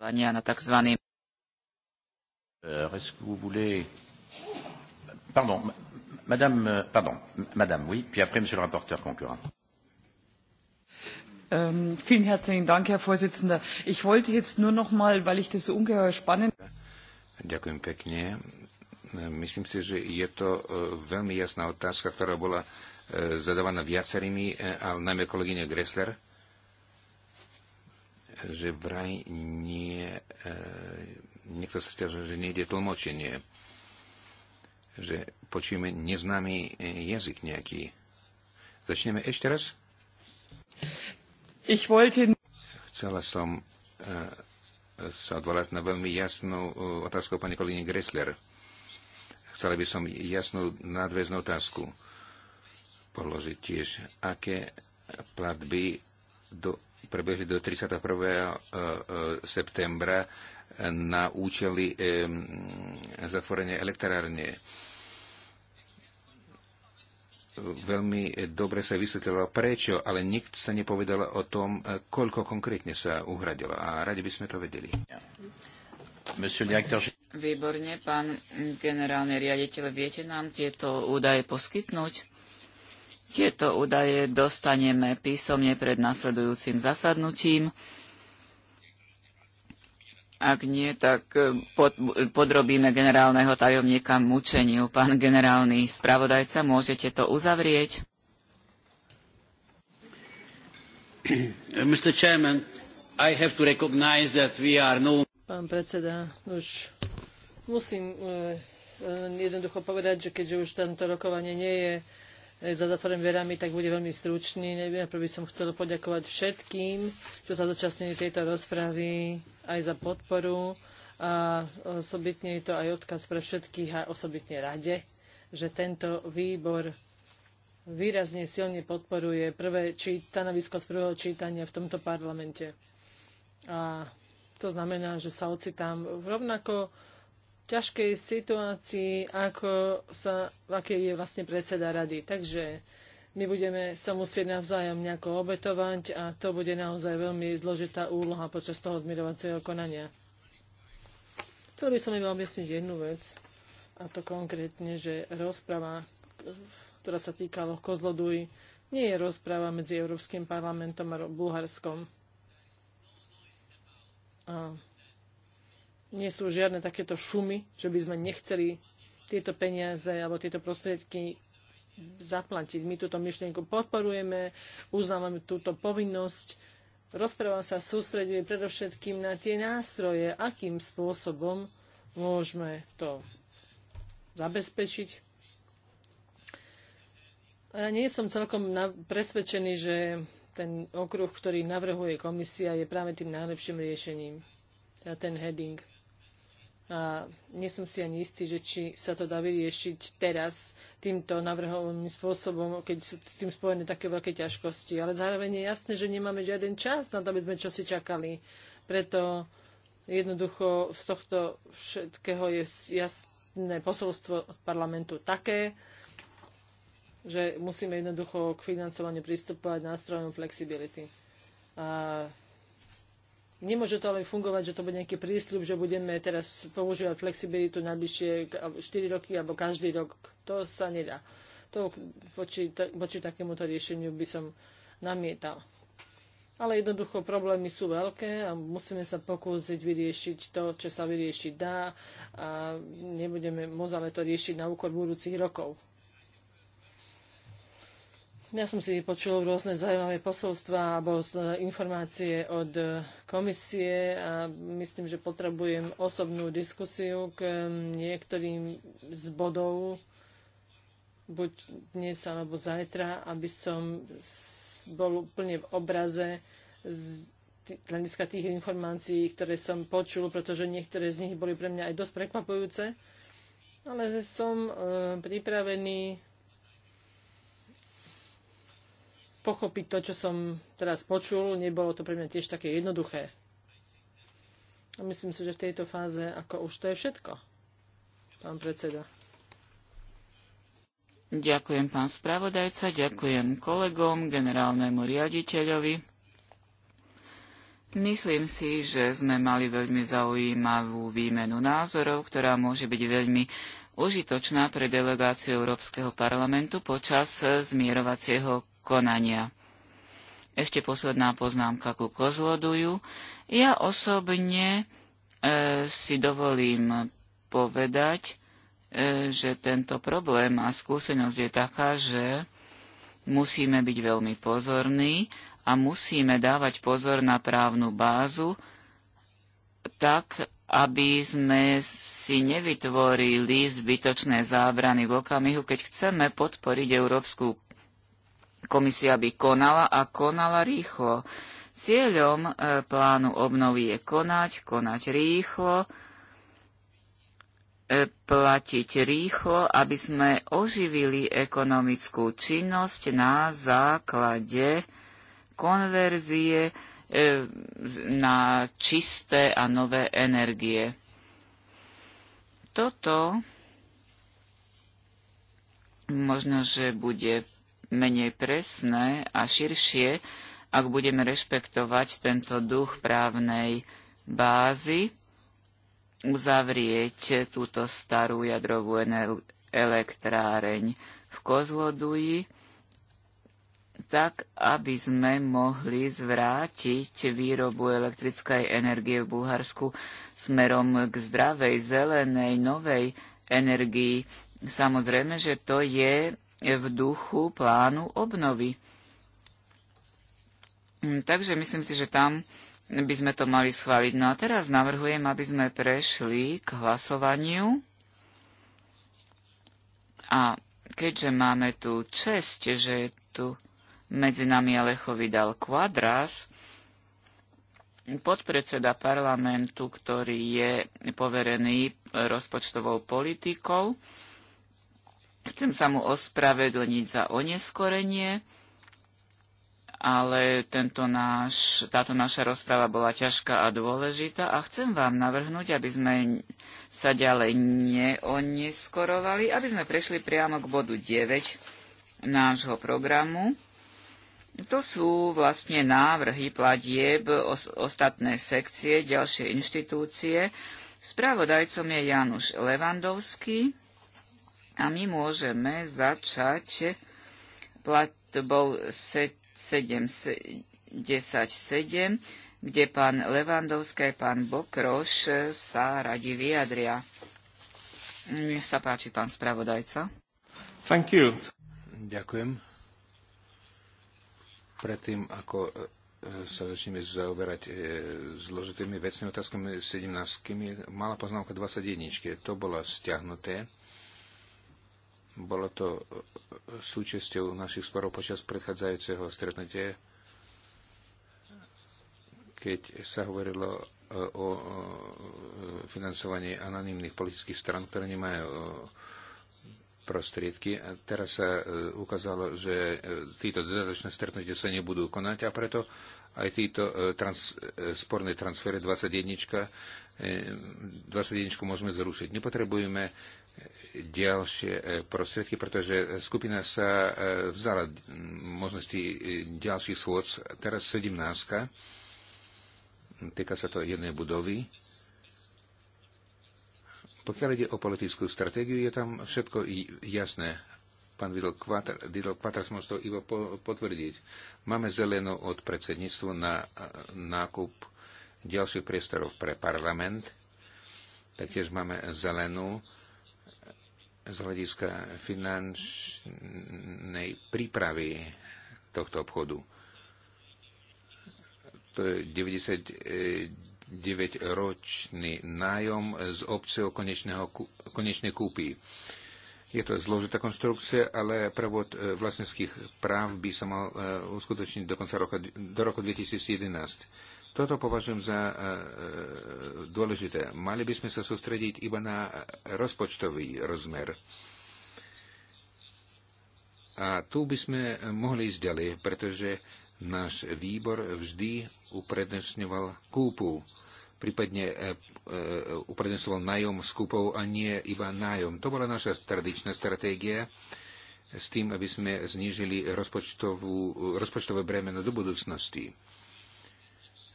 na tzv. Euh, pardon, madame, euh, pardon, madame, oui, puis après, monsieur le rapporteur concurrent. Ähm, vielen herzlichen Dank, Herr Vorsitzender. Ich wollte jetzt nur noch mal, weil ich das so ungeheuer spannend... Ďakujem pekne. Ehm, myslím si, že je to e, veľmi jasná otázka, ktorá bola e, zadávaná viacerými, ale najmä kolegyne Gressler že vraj nie, e, niekto sa stiažuje, že nejde tlmočenie, že počujeme neznámy e, jazyk nejaký. Začneme ešte raz? Ich wollte... Chcela som e, sa odvolať na veľmi jasnú e, otázku pani kolíne Gressler. Chcela by som jasnú nadväznú otázku položiť tiež. Aké platby do prebehli do 31. E, e, septembra na účely e, zatvorenia elektrárne. Veľmi dobre sa vysvetlilo prečo, ale nikt sa nepovedal o tom, koľko konkrétne sa uhradilo. A radi by sme to vedeli. Výborne, pán generálny riaditeľ, viete nám tieto údaje poskytnúť? Tieto údaje dostaneme písomne pred nasledujúcim zasadnutím. Ak nie, tak e, pod, podrobíme generálneho tajomníka mučeniu. Pán generálny spravodajca, môžete to uzavrieť. Mr. Chairman, I have to recognize that we are no... Pán predseda, už musím uh, jednoducho povedať, že keďže už tento rokovanie nie je E, za zatvorenými verami, tak bude veľmi stručný. Neviem, prvý by som chcela poďakovať všetkým, čo sa dočasnili tejto rozpravy, aj za podporu. A osobitne je to aj odkaz pre všetkých a osobitne rade, že tento výbor výrazne silne podporuje prvé stanovisko z prvého čítania v tomto parlamente. A to znamená, že sa ocitám v rovnako ťažkej situácii, ako sa, akej je vlastne predseda rady. Takže my budeme sa musieť navzájom nejako obetovať a to bude naozaj veľmi zložitá úloha počas toho zmierovacieho konania. Chcel by som iba objasniť jednu vec, a to konkrétne, že rozprava, ktorá sa týkala Kozloduj, nie je rozpráva medzi Európskym parlamentom a Bulharskom. A nie sú žiadne takéto šumy, že by sme nechceli tieto peniaze alebo tieto prostriedky zaplatiť. My túto myšlienku podporujeme, uznávame túto povinnosť. Rozpráva sa sústreduje predovšetkým na tie nástroje, akým spôsobom môžeme to zabezpečiť. Ja nie som celkom presvedčený, že ten okruh, ktorý navrhuje komisia, je práve tým najlepším riešením. Teda ten heading. A nie som si ani istý, že či sa to dá vyriešiť teraz týmto navrhovým spôsobom, keď sú s tým spojené také veľké ťažkosti. Ale zároveň je jasné, že nemáme žiaden čas na to, aby sme čosi čakali. Preto jednoducho z tohto všetkého je jasné posolstvo parlamentu také, že musíme jednoducho k financovaniu pristupovať nástrojom flexibility. A Nemôže to ale fungovať, že to bude nejaký prísľub, že budeme teraz používať flexibilitu najbližšie 4 roky alebo každý rok. To sa nedá. To voči, voči takémuto riešeniu by som namietal. Ale jednoducho problémy sú veľké a musíme sa pokúsiť vyriešiť to, čo sa vyriešiť dá a nebudeme môcť ale to riešiť na úkor budúcich rokov. Ja som si počul rôzne zaujímavé posolstva alebo informácie od eh, komisie a myslím, že potrebujem osobnú diskusiu k mm, niektorým z bodov, buď dnes alebo zajtra, aby som bol úplne v obraze z hľadiska tých informácií, ktoré som počul, pretože niektoré z nich boli pre mňa aj dosť prekvapujúce. Ale som eh, pripravený pochopiť to, čo som teraz počul. Nebolo to pre mňa tiež také jednoduché. A myslím si, že v tejto fáze ako už to je všetko, pán predseda. Ďakujem pán spravodajca, ďakujem kolegom, generálnemu riaditeľovi. Myslím si, že sme mali veľmi zaujímavú výmenu názorov, ktorá môže byť veľmi užitočná pre delegáciu Európskeho parlamentu počas zmierovacieho konania. Ešte posledná poznámka ku Kozloduju. Ja osobne e, si dovolím povedať, e, že tento problém a skúsenosť je taká, že musíme byť veľmi pozorní a musíme dávať pozor na právnu bázu tak, aby sme si nevytvorili zbytočné zábrany v okamihu, keď chceme podporiť Európsku komisia by konala a konala rýchlo. Cieľom e, plánu obnovy je konať, konať rýchlo, e, platiť rýchlo, aby sme oživili ekonomickú činnosť na základe konverzie e, na čisté a nové energie. Toto možno, že bude menej presné a širšie, ak budeme rešpektovať tento duch právnej bázy, uzavrieť túto starú jadrovú elektráreň v Kozloduji, tak aby sme mohli zvrátiť výrobu elektrickej energie v Bulharsku smerom k zdravej, zelenej, novej energii. Samozrejme, že to je v duchu plánu obnovy. Mm, takže myslím si, že tam by sme to mali schváliť. No a teraz navrhujem, aby sme prešli k hlasovaniu. A keďže máme tu čest, že tu medzi nami Alecho dal Quadras, podpredseda parlamentu, ktorý je poverený rozpočtovou politikou, Chcem sa mu ospravedlniť za oneskorenie, ale tento náš, táto naša rozprava bola ťažká a dôležitá a chcem vám navrhnúť, aby sme sa ďalej neoneskorovali, aby sme prešli priamo k bodu 9 nášho programu. To sú vlastne návrhy platieb, ostatné sekcie, ďalšie inštitúcie. Spravodajcom je Januš Levandovský a my môžeme začať platbou 77, kde pán Levandovský a pán Bokroš sa radi vyjadria. Nech sa páči, pán spravodajca. Thank you. Ďakujem. Predtým, ako e, sa začneme zaoberať e, zložitými vecnými otázkami 17, mala poznámka 21. To bolo stiahnuté bolo to e, súčasťou našich sporov počas predchádzajúceho stretnutia, keď sa hovorilo e, o e, financovaní anonimných politických stran, ktoré nemajú prostriedky. A teraz sa ukázalo, že títo dodatočné stretnutia sa nebudú konať a preto aj títo trans, sporné transfery 21, 21 môžeme zrušiť. Nepotrebujeme ďalšie e, prostriedky, pretože skupina sa e, vzala možnosti e, ďalších schôdz, teraz 17. Týka sa to jednej budovy. Pokiaľ ide o politickú stratégiu, je tam všetko jasné. Pán Vidal Kvatras môže to iba potvrdiť. Máme zelenú od predsedníctva na nákup ďalších priestorov pre parlament. Taktiež máme zelenú z hľadiska finančnej prípravy tohto obchodu. To je 99-ročný nájom z obce o konečnej kúpy. Je to zložitá konstrukcia, ale prevod e, vlastnických práv by sa mal e, uskutočniť do konca roka, do roku 2011 toto považujem za e, e, dôležité. Mali by sme sa sústrediť iba na rozpočtový rozmer. A tu by sme mohli ísť ďalej, pretože náš výbor vždy uprednostňoval kúpu, prípadne e, uprednostňoval nájom s kúpou a nie iba nájom. To bola naša tradičná stratégia s tým, aby sme znížili rozpočtové bremeno do budúcnosti.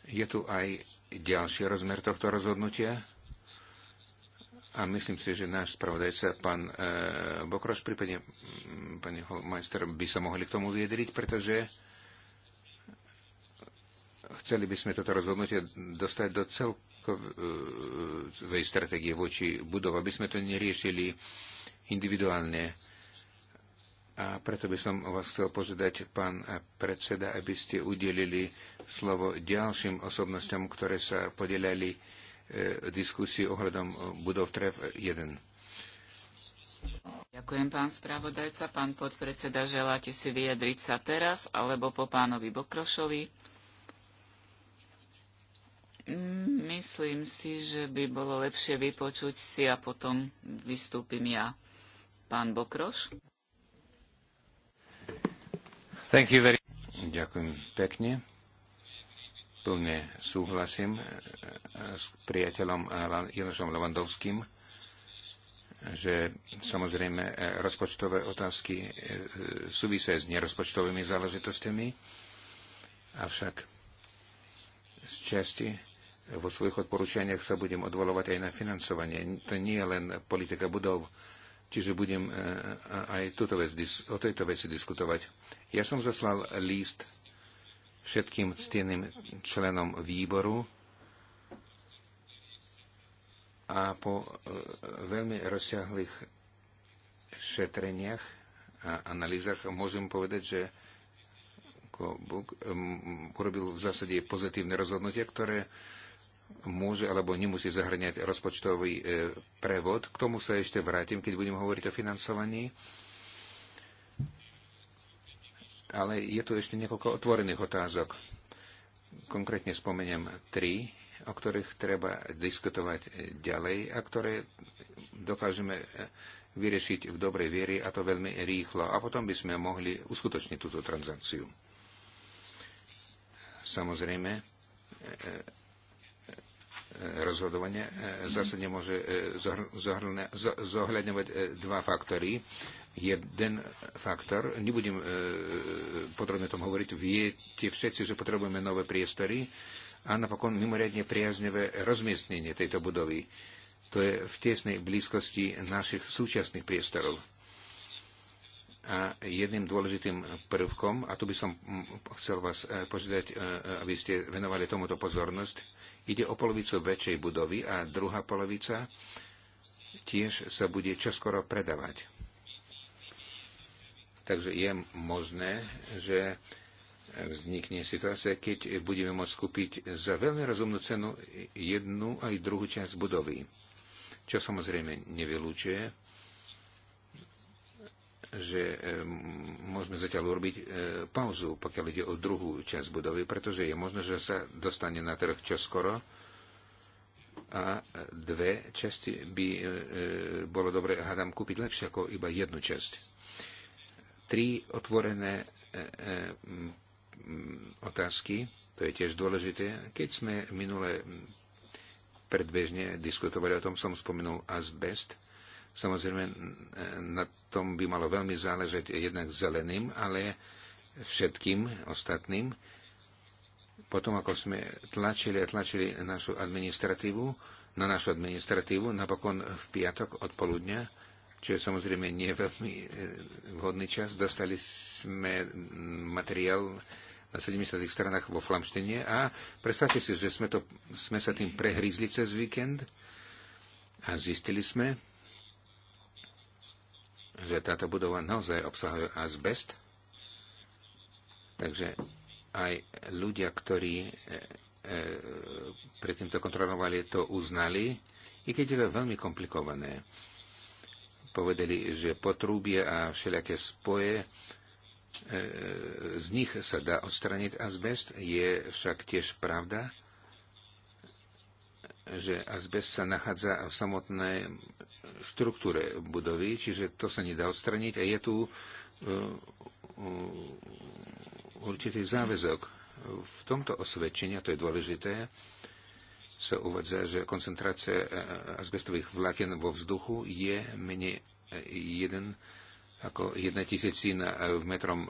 Je tu aj ďalší rozmer tohto rozhodnutia a myslím si, že náš spravodajca, pán e, Bokroš, prípadne pani Holmeister, by sa mohli k tomu vyjadriť, pretože chceli by sme toto rozhodnutie dostať do celkovej stratégie voči budov, aby sme to neriešili individuálne a preto by som vás chcel požiadať, pán predseda, aby ste udelili slovo ďalším osobnostiam, ktoré sa podelali e, diskusii ohľadom budov TREF 1. Ďakujem, pán spravodajca. Pán podpredseda, želáte si vyjadriť sa teraz alebo po pánovi Bokrošovi? Myslím si, že by bolo lepšie vypočuť si a potom vystúpim ja. Pán Bokroš? Very... Ďakujem pekne. Plne súhlasím e, e, s priateľom e, Janošom Levandovským, že samozrejme rozpočtové otázky súvisia s nerozpočtovými záležitostiami, avšak z časti vo svojich odporúčaniach sa budem odvolovať aj na financovanie. To nie je len politika budov, Čiže budem e, e, aj túto vec, o tejto veci diskutovať. Ja som zaslal list všetkým cteným členom výboru a po e, veľmi rozsiahlých šetreniach a analýzach môžem povedať, že Buk urobil v zásade pozitívne rozhodnutia, ktoré môže alebo nemusí zahrňať rozpočtový e, prevod. K tomu sa ešte vrátim, keď budem hovoriť o financovaní. Ale je tu ešte niekoľko otvorených otázok. Konkrétne spomeniem tri, o ktorých treba diskutovať e, ďalej a ktoré dokážeme e, vyriešiť v dobrej viere a to veľmi rýchlo. A potom by sme mohli uskutočniť túto transakciu. Samozrejme, rozhodovania e, zase nemôže e, zohľadňovať e, dva faktory. Jeden faktor, nebudem podrobne o tom hovoriť, viete všetci, že potrebujeme nové priestory a napokon mimoriadne priaznevé rozmiestnenie tejto budovy. To je v tesnej blízkosti našich súčasných priestorov. A jedným dôležitým prvkom, a tu by som chcel vás požiadať, aby ste venovali tomuto pozornosť, Ide o polovicu väčšej budovy a druhá polovica tiež sa bude čoskoro predávať. Takže je možné, že vznikne situácia, keď budeme môcť kúpiť za veľmi rozumnú cenu jednu aj druhú časť budovy. Čo samozrejme nevylúčuje, že e, môžeme zatiaľ urobiť e, pauzu, pokiaľ ide o druhú časť budovy, pretože je možné, že sa dostane na trh čoskoro a dve časti by e, bolo dobre, hádam, kúpiť lepšie ako iba jednu časť. Tri otvorené otázky, to je tiež dôležité. Keď sme minule predbežne diskutovali o tom, som spomenul azbest – Samozrejme, na tom by malo veľmi záležať jednak zeleným, ale všetkým ostatným. Potom, ako sme tlačili a tlačili našu administratívu, na našu administratívu, napokon v piatok od čo je samozrejme nie veľmi e, vhodný čas. Dostali sme materiál na 70 stranách vo Flamštine a predstavte si, že sme, to, sme sa tým prehrízli cez víkend a zistili sme, že táto budova naozaj obsahuje azbest, takže aj ľudia, ktorí e, e, predtým to kontrolovali, to uznali, i keď je to veľmi komplikované. Povedali, že potrubie a všelijaké spoje, e, z nich sa dá odstraniť azbest, je však tiež pravda, že azbest sa nachádza v samotnej štruktúre budovy, čiže to sa nedá odstraniť a je tu e, e, určitý záväzok. V tomto osvedčení, a to je dôležité, sa uvádza, že koncentrácia e, azbestových vlákien vo vzduchu je menej 1 ako 1 tisícina v metrom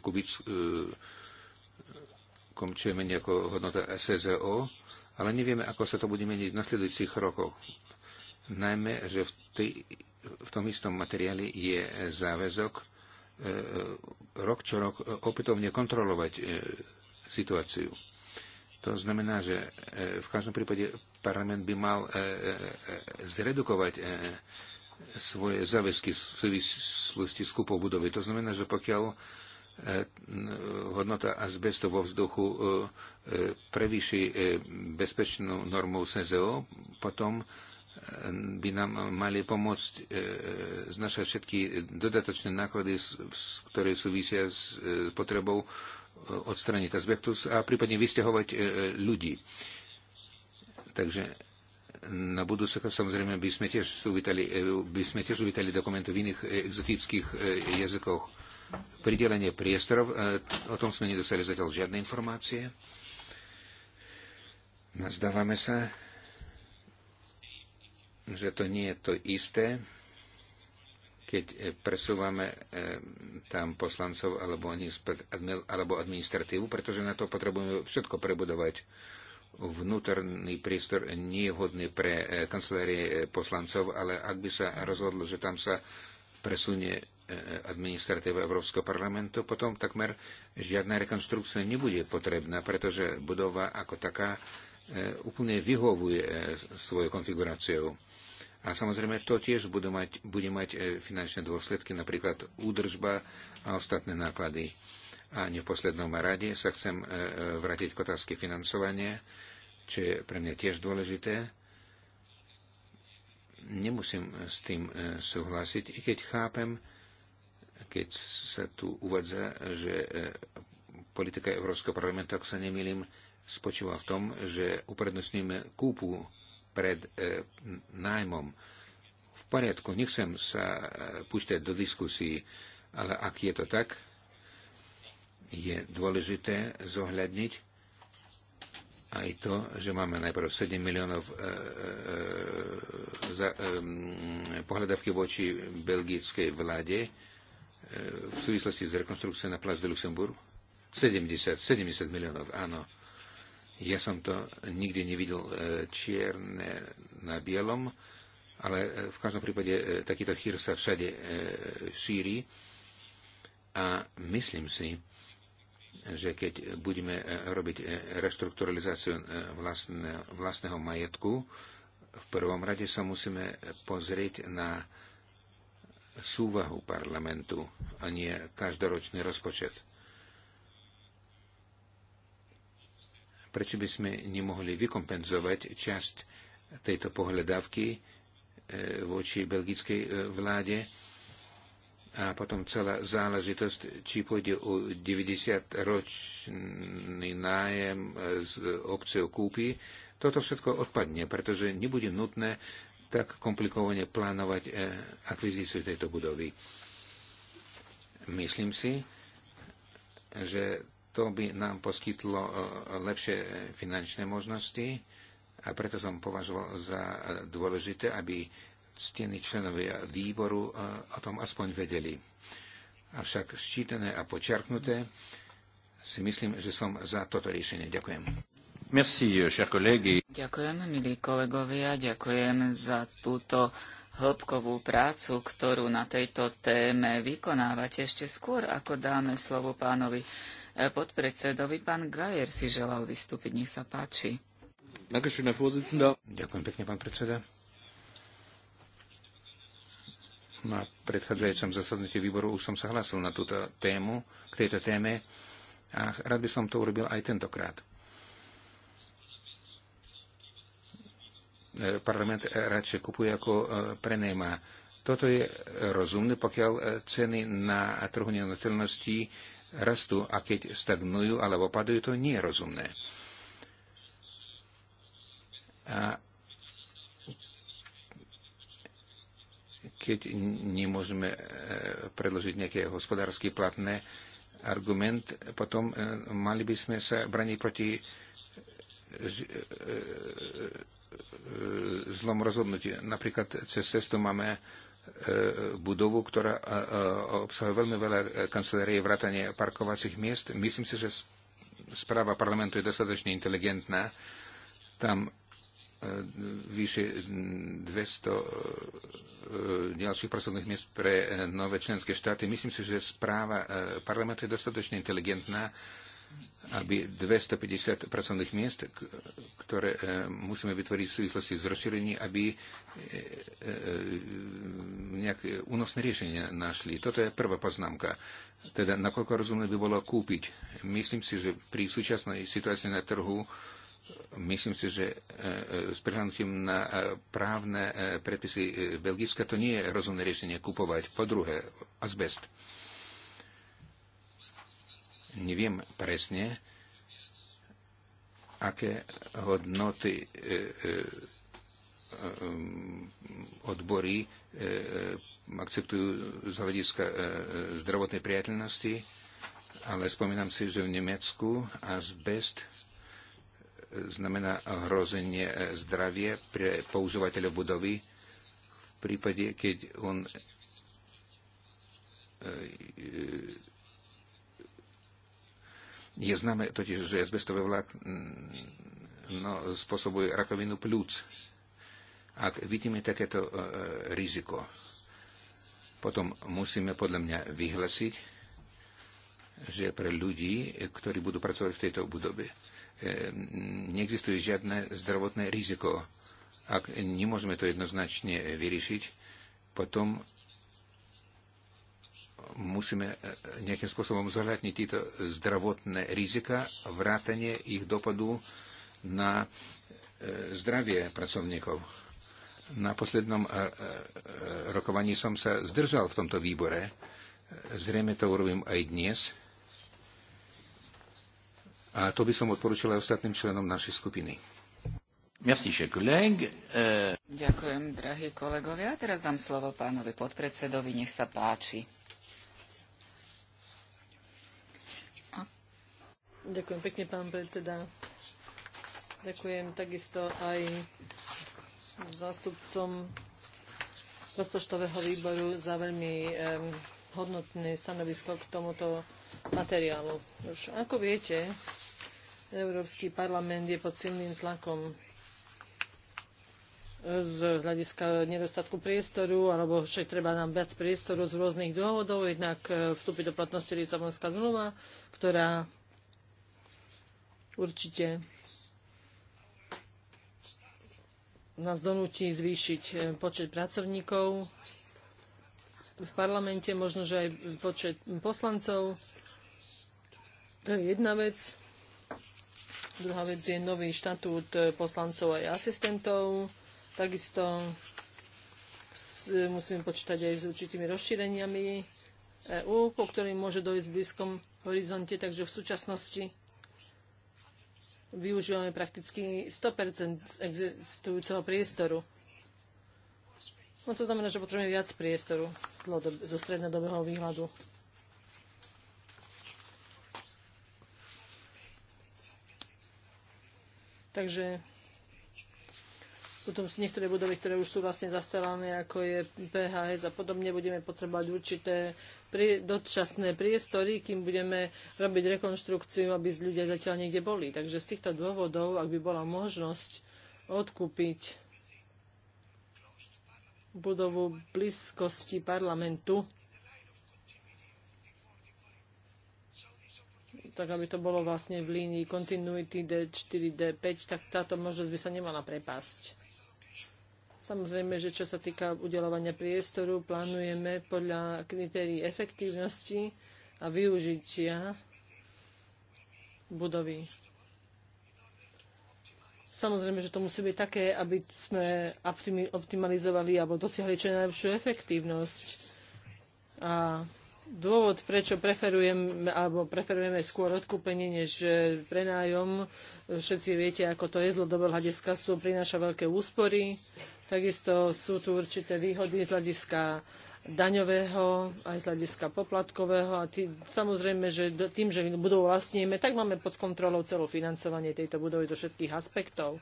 kubičkom, čo je menej ako hodnota SZO, ale nevieme, ako sa to bude meniť v nasledujúcich rokoch najmä, že v, tý, v tom istom materiáli je záväzok e, e, rok čo rok e, opätovne kontrolovať situáciu. To znamená, že v každom prípade parlament by mal zredukovať svoje záväzky v súvislosti s kúpou budovy. To znamená, že pokiaľ hodnota azbestu vo vzduchu prevýši bezpečnú normu SZO, potom by nám mali pomôcť e, znašať všetky dodatočné náklady, ktoré súvisia s e, potrebou e, odstraniť azbestus a prípadne vysťahovať e, ľudí. Takže na budúce samozrejme by sme tiež uvítali, e, by sme tiež uvítali dokumenty v iných exotických jazykoch. Pridelenie priestorov, o tom sme nedostali zatiaľ žiadne informácie. Nazdávame sa, že to nie je to isté, keď e, presúvame e, tam poslancov alebo, alebo administratívu, pretože na to potrebujeme všetko prebudovať. Vnútorný prístor nie je vhodný pre e, kancelárie poslancov, ale ak by sa rozhodlo, že tam sa presunie administratíva Európskeho parlamentu, potom takmer žiadna rekonstrukcia nebude potrebná, pretože budova ako taká úplne vyhovuje svojou konfiguráciou. A samozrejme to tiež bude mať, bude mať e, finančné dôsledky, napríklad údržba a ostatné náklady. A ne v poslednom rade sa chcem e, e, vrátiť k otázke financovania, čo je pre mňa tiež dôležité. Nemusím s tým súhlasiť, i keď chápem, keď sa tu uvádza, že politika Európskeho parlamentu, ak sa nemýlim, spočíva v tom, že uprednostníme kúpu pred e, nájmom. V poriadku, nechcem sa e, púšťať do diskusí, ale ak je to tak, je dôležité zohľadniť aj to, že máme najprv 7 miliónov e, e, za, e, pohľadavky voči belgickej vláde e, v súvislosti s rekonstrukciou na Place de Luxembourg. 70, 70 miliónov, áno. E, ja som to nikdy nevidel e, čierne na bielom, ale e, v každom prípade e, takýto chýr sa všade šíri a myslím si, že keď budeme robiť reštrukturalizáciu vlastne, vlastného majetku, v prvom rade sa musíme pozrieť na súvahu parlamentu a nie každoročný rozpočet. Prečo by sme nemohli vykompenzovať časť tejto pohľadávky e, voči belgickej e, vláde? A potom celá záležitosť, či pôjde o 90-ročný nájem e, z obce kúpy, toto všetko odpadne, pretože nebude nutné tak komplikovane plánovať akvizíciu tejto budovy. Myslím si, že to by nám poskytlo e, lepšie e, finančné možnosti a preto som považoval za e, dôležité, aby ctení členovia výboru o tom aspoň vedeli. Avšak ščítané a počiarknuté si myslím, že som za toto riešenie. Ďakujem. Merci, euh, ďakujem, milí kolegovia, ďakujem za túto hĺbkovú prácu, ktorú na tejto téme vykonávate ešte skôr, ako dáme slovo pánovi E, podpredsedovi. Pán Gajer si želal vystúpiť, nech sa páči. Ďakujem pekne, pán predseda. Na predchádzajúcom zasadnutí výboru už som sa hlásil na túto tému, k tejto téme a rád by som to urobil aj tentokrát. E, parlament radšej kupuje ako e, prenéma. Toto je rozumné, pokiaľ ceny na trhu nehnuteľností rastú a keď stagnujú alebo padajú, to nie je rozumné. A keď nemôžeme e, predložiť nejaké hospodársky platné argument, potom e, mali by sme sa braniť proti e, zlom rozhodnutí. Napríklad cez cestu máme E, budovu, ktorá e, e, obsahuje veľmi veľa kancelárií vrátane parkovacích miest. Myslím si, že správa parlamentu je dostatočne inteligentná. Tam vyše 200 mm, ďalších pracovných miest pre nové členské štáty. Myslím si, že správa parlamentu je dostatočne inteligentná aby 250 pracovných miest, ktoré e, musíme vytvoriť v súvislosti s rozšírením, aby e, e, nejaké únosné riešenia našli. Toto je prvá poznámka. Teda, nakoľko rozumné by bolo kúpiť. Myslím si, že pri súčasnej situácii na trhu Myslím si, že s prihľadnutím na právne predpisy Belgicka to nie je rozumné riešenie kupovať. Po druhé, azbest. Neviem presne, aké hodnoty e, e, e, odbory akceptujú z hľadiska zdravotnej priateľnosti, ale spomínam si, že v Nemecku azbest znamená hrozenie zdravie pre používateľov budovy v prípade, keď on je známe totiž, že asbestový vlák mm, no, spôsobuje rakovinu plúc. Ak vidíme takéto e, e, riziko, potom musíme podľa mňa vyhlasiť, že pre ľudí, ktorí budú pracovať v tejto budobe, e, neexistuje žiadne zdravotné riziko. Ak nemôžeme to jednoznačne vyriešiť, potom musíme e, nejakým spôsobom zohľadniť tieto zdravotné rizika, vrátanie ich dopadu na e, zdravie pracovníkov. Na poslednom e, rokovaní som sa zdržal v tomto výbore. Zrejme to urobím aj dnes. A to by som odporučil aj ostatným členom našej skupiny. Merci, koleg. E... Ďakujem, drahí kolegovia. Teraz dám slovo pánovi podpredsedovi. Nech sa páči. Ďakujem pekne, pán predseda. Ďakujem takisto aj zástupcom rozpočtového výboru za veľmi um, hodnotné stanovisko k tomuto materiálu. Už ako viete, Európsky parlament je pod silným tlakom z hľadiska nedostatku priestoru, alebo však treba nám viac priestoru z rôznych dôvodov. Jednak eh, vstúpi do platnosti Lisabonská zmluva, ktorá určite nás donúti zvýšiť eh, počet pracovníkov v parlamente, možno, že aj počet poslancov. To je jedna vec. Druhá vec je nový štatút eh, poslancov aj asistentov. Takisto eh, musíme počítať aj s určitými rozšíreniami EU, po ktorým môže dojsť v blízkom horizonte, takže v súčasnosti využívame prakticky 100% existujúceho priestoru. No to znamená, že potrebujeme viac priestoru zo strednodobého výhľadu. Takže potom si niektoré budovy, ktoré už sú vlastne zastávané, ako je PHS a podobne, budeme potrebovať určité dočasné priestory, kým budeme robiť rekonštrukciu, aby ľudia zatiaľ niekde boli. Takže z týchto dôvodov, ak by bola možnosť odkúpiť budovu blízkosti parlamentu, tak aby to bolo vlastne v línii continuity D4, D5, tak táto možnosť by sa nemala prepásť. Samozrejme, že čo sa týka udelovania priestoru, plánujeme podľa kritérií efektívnosti a využitia budovy. Samozrejme, že to musí byť také, aby sme optimalizovali alebo dosiahli čo najlepšiu efektívnosť. A dôvod, prečo preferujeme alebo preferujeme skôr odkúpenie než e, prenájom. E, všetci viete, ako to je do hľadiska, sú prináša veľké úspory Takisto sú tu určité výhody z hľadiska daňového, aj z hľadiska poplatkového a tý, samozrejme, že tým, že budú vlastníme, tak máme pod kontrolou celú financovanie tejto budovy zo všetkých aspektov.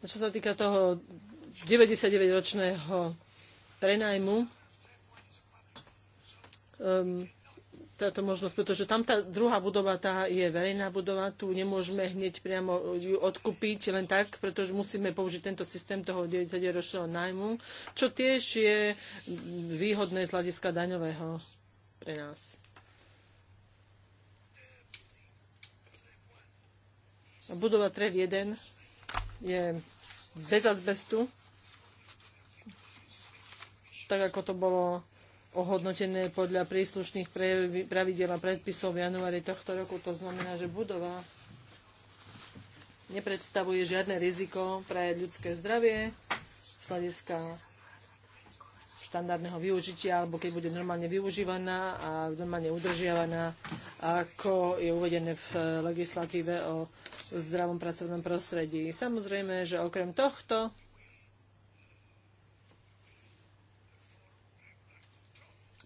A čo sa týka toho 99-ročného prenajmu, um, táto možnosť, pretože tam tá druhá budova, tá je verejná budova, tu nemôžeme hneď priamo ju odkúpiť len tak, pretože musíme použiť tento systém toho 90-ročného nájmu, čo tiež je výhodné z hľadiska daňového pre nás. Budova TREV 1 je bez azbestu, tak ako to bolo ohodnotené podľa príslušných pravidel a predpisov v januári tohto roku. To znamená, že budova nepredstavuje žiadne riziko pre ľudské zdravie z hľadiska štandardného využitia, alebo keď bude normálne využívaná a normálne udržiavaná, ako je uvedené v legislatíve o zdravom pracovnom prostredí. Samozrejme, že okrem tohto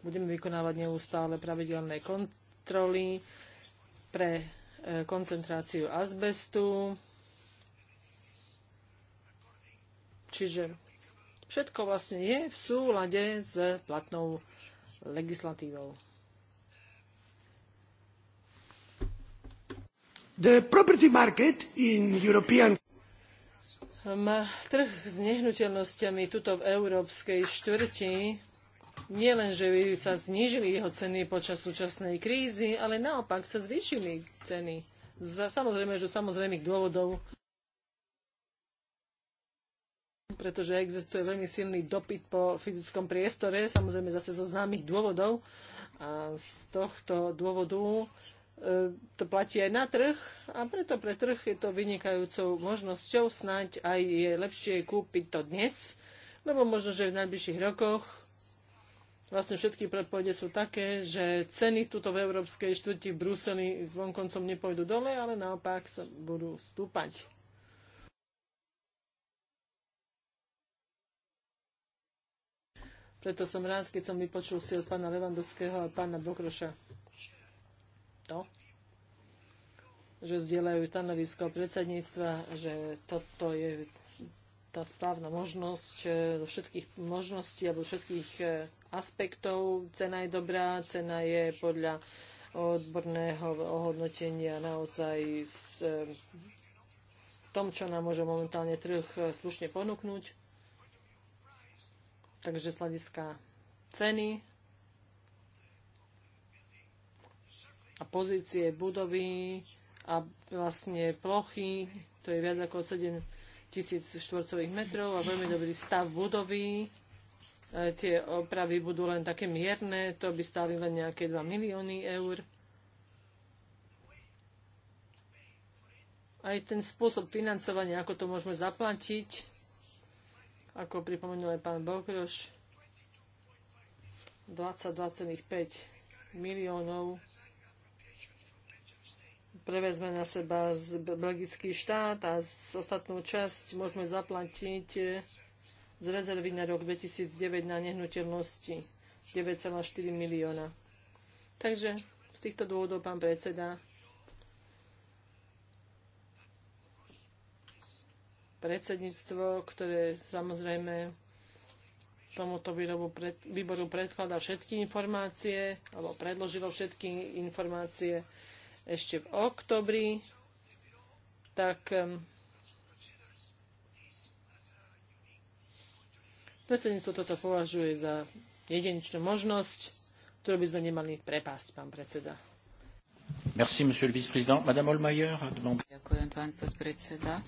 Budeme vykonávať neustále pravidelné kontroly pre e, koncentráciu azbestu. Čiže všetko vlastne je v súlade s platnou legislatívou. The property market in European trh s nehnuteľnosťami tuto v európskej štvrti nielenže že sa znížili jeho ceny počas súčasnej krízy, ale naopak sa zvýšili ceny. Za, samozrejme, že samozrejmých dôvodov, pretože existuje veľmi silný dopyt po fyzickom priestore, samozrejme zase zo známych dôvodov. A z tohto dôvodu e, to platí aj na trh a preto pre trh je to vynikajúcou možnosťou snáď aj je lepšie kúpiť to dnes, lebo možno, že v najbližších rokoch vlastne všetky predpovede sú také, že ceny tuto v Európskej štvrti v Bruseli vonkoncom nepôjdu dole, ale naopak sa budú stúpať. Preto som rád, keď som vypočul si od pána Levandovského a pána Bokroša to, že zdieľajú stanovisko predsedníctva, že toto je tá správna možnosť e, všetkých možností alebo všetkých e, aspektov. Cena je dobrá, cena je podľa odborného ohodnotenia naozaj s eh, tom, čo nám môže momentálne trh slušne ponúknuť. Takže z hľadiska ceny a pozície budovy a vlastne plochy, to je viac ako 7 tisíc štvorcových metrov a veľmi dobrý stav budovy. E, tie opravy budú len také mierne, to by stáli len nejaké 2 milióny eur. Aj ten spôsob financovania, ako to môžeme zaplatiť, ako pripomenul aj pán Bokroš, 22,5 miliónov prevezme na seba z belgický štát a z ostatnú časť môžeme zaplatiť z rezervy na rok 2009 na nehnuteľnosti 9,4 milióna. Takže z týchto dôvodov pán predseda predsedníctvo, ktoré samozrejme tomuto výrobu pred, výboru predkladá všetky informácie, alebo predložilo všetky informácie ešte v oktobri, tak Predsedníctvo toto považuje za jedinečnú možnosť, ktorú by sme nemali prepásť, pán predseda. Merci, monsieur le vice-président. Madame Olmayer a demandé... Ďakujem, pán podpredseda.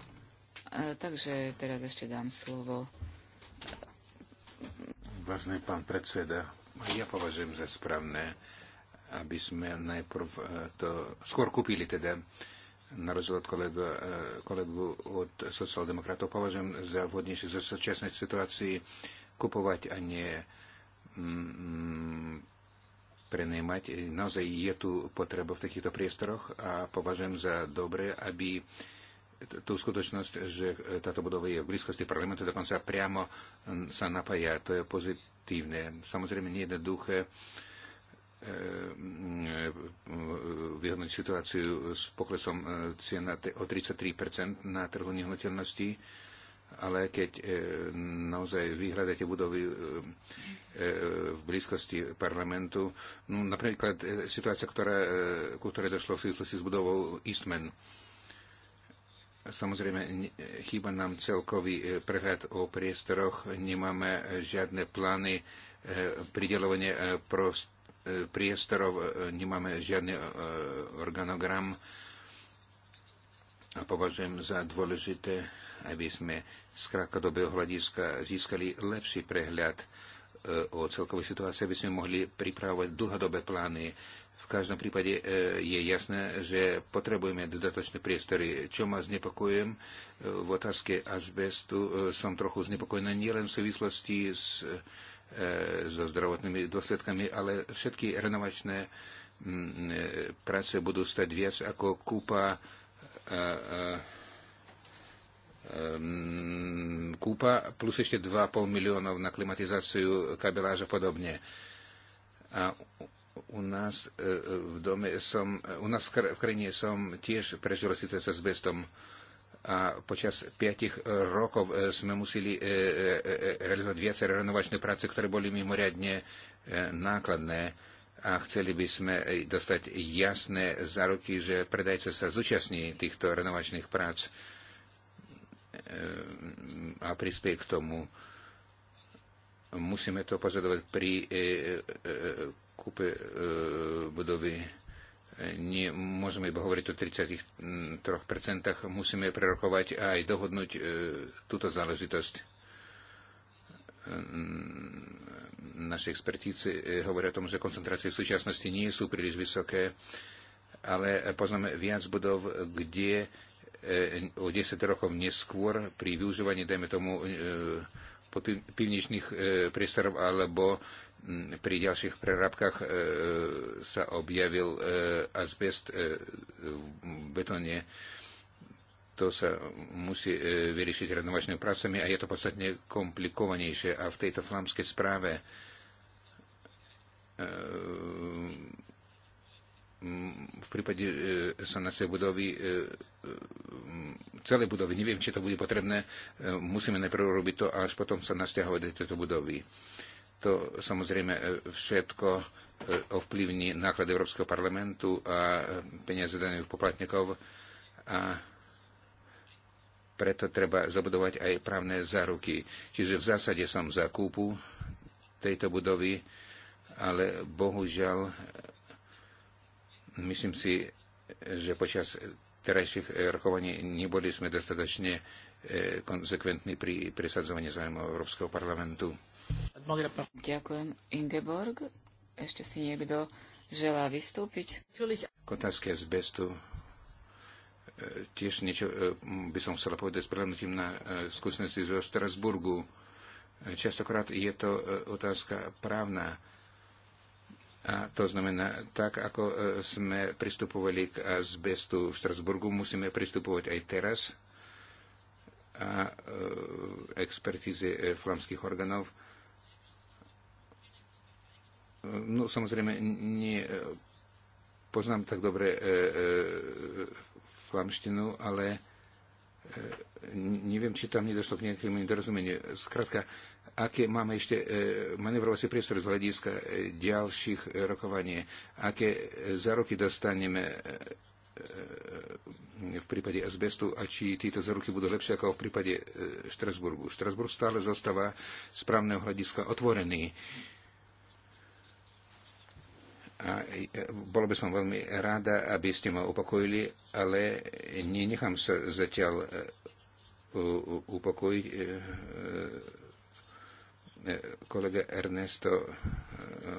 E, takže teraz ešte dám slovo. Vážny pán predseda, ja považujem za správne, aby sme najprv e, to skôr kúpili teda na rozdiel od kolegu, e, kolegu od sociáldemokratov, považujem za vhodnejšie za súčasnej situácii kupovať a nie mm, prenajímať. Naozaj je tu potreba v takýchto priestoroch a považujem za dobré, aby tú skutočnosť, že táto budova je v blízkosti parlamentu, dokonca priamo mm, sa napája. To je pozitívne. Samozrejme, nie je jednoduché E, e, vyhodnúť situáciu s poklesom e, cien o 33% na trhu nehnuteľností, ale keď naozaj vyhľadáte budovy v blízkosti parlamentu, no napríklad situácia, ktorá, ku ktorej došlo v súvislosti s budovou Eastman, Samozrejme, chýba nám celkový prehľad o priestoroch, nemáme žiadne plány pridelovanie prost priestorov, e, nemáme žiadny e, organogram a považujem za dôležité, aby sme z krátkodobého hľadiska získali lepší prehľad e, o celkovej situácii, aby sme mohli pripravovať dlhodobé plány. V každom prípade je jasné, že potrebujeme dodatočné priestory. Čo ma znepokojujem v otázke azbestu, som trochu znepokojený nielen v súvislosti s E, so zdravotnými dôsledkami, ale všetky renovačné e, práce budú stať viac ako kúpa e, kúpa plus ešte 2,5 miliónov na klimatizáciu, kabeláža a podobne. A u nás v dome som, u nás v krajine som tiež prežil situáciu s bestom a počas 5 e, rokov e, sme museli e, realizovať viaceré renovačné práce, ktoré boli mimoriadne nákladné a chceli by sme dostať jasné záruky, že predajca sa zúčastní týchto renovačných prác a prispie k tomu. Musíme to požadovať pri kúpe budovy môžeme iba hovoriť o 33%, musíme prerokovať a aj dohodnúť e, túto záležitosť. E, naši expertíci e, hovoria o tom, že koncentrácie v súčasnosti nie sú príliš vysoké, ale poznáme viac budov, kde o 10 rokov neskôr pri využívaní, dajme tomu, pivničných priestorov alebo Mm, pri ďalších prerábkach e, sa objavil e, azbest e, v betóne. To sa musí vyriešiť renovačnými prácami a je to podstatne komplikovanejšie. A v tejto flámskej správe mm, v prípade sanácie budovy, celej budovy, neviem, či to bude potrebné, musíme najprv robiť to a až potom sa nasťahovať do tejto budovy. To samozrejme e, všetko e, ovplyvní náklady Európskeho parlamentu a e, peniaze daných poplatníkov a preto treba zabudovať aj právne záruky. Čiže v zásade som za kúpu tejto budovy, ale bohužiaľ myslím si, že počas terajších rokovaní neboli sme dostatočne konsekventní pri presadzovaní zájmov Európskeho parlamentu. Ďakujem, Ingeborg. Ešte si niekto želá vystúpiť? K otázke bestu. E, tiež niečo e, by som chcela povedať s prehľadnutím na e, skúsenosti zo Strasburgu. Častokrát je to otázka právna. A to znamená, tak ako sme pristupovali k azbestu v Strasburgu, musíme pristupovať aj teraz a expertíze flamských orgánov No samozrejme, nie e, poznám tak dobre e, e, flamštinu, ale e, neviem, či tam nedošlo k nejakému nedorozumeniu. Skrátka, aké máme ešte e, manevrovací priestor z hľadiska e, ďalších e, rokovanie, aké e, za roky dostaneme e, e, v prípade azbestu a či títo za roky budú lepšie ako v prípade e, Štrasburgu. Štrasburg stále zostáva správneho hľadiska otvorený. E, a e, bolo by som veľmi rada, aby ste ma upokojili, ale nenechám sa zatiaľ e, upokojiť. E, kolega Ernesto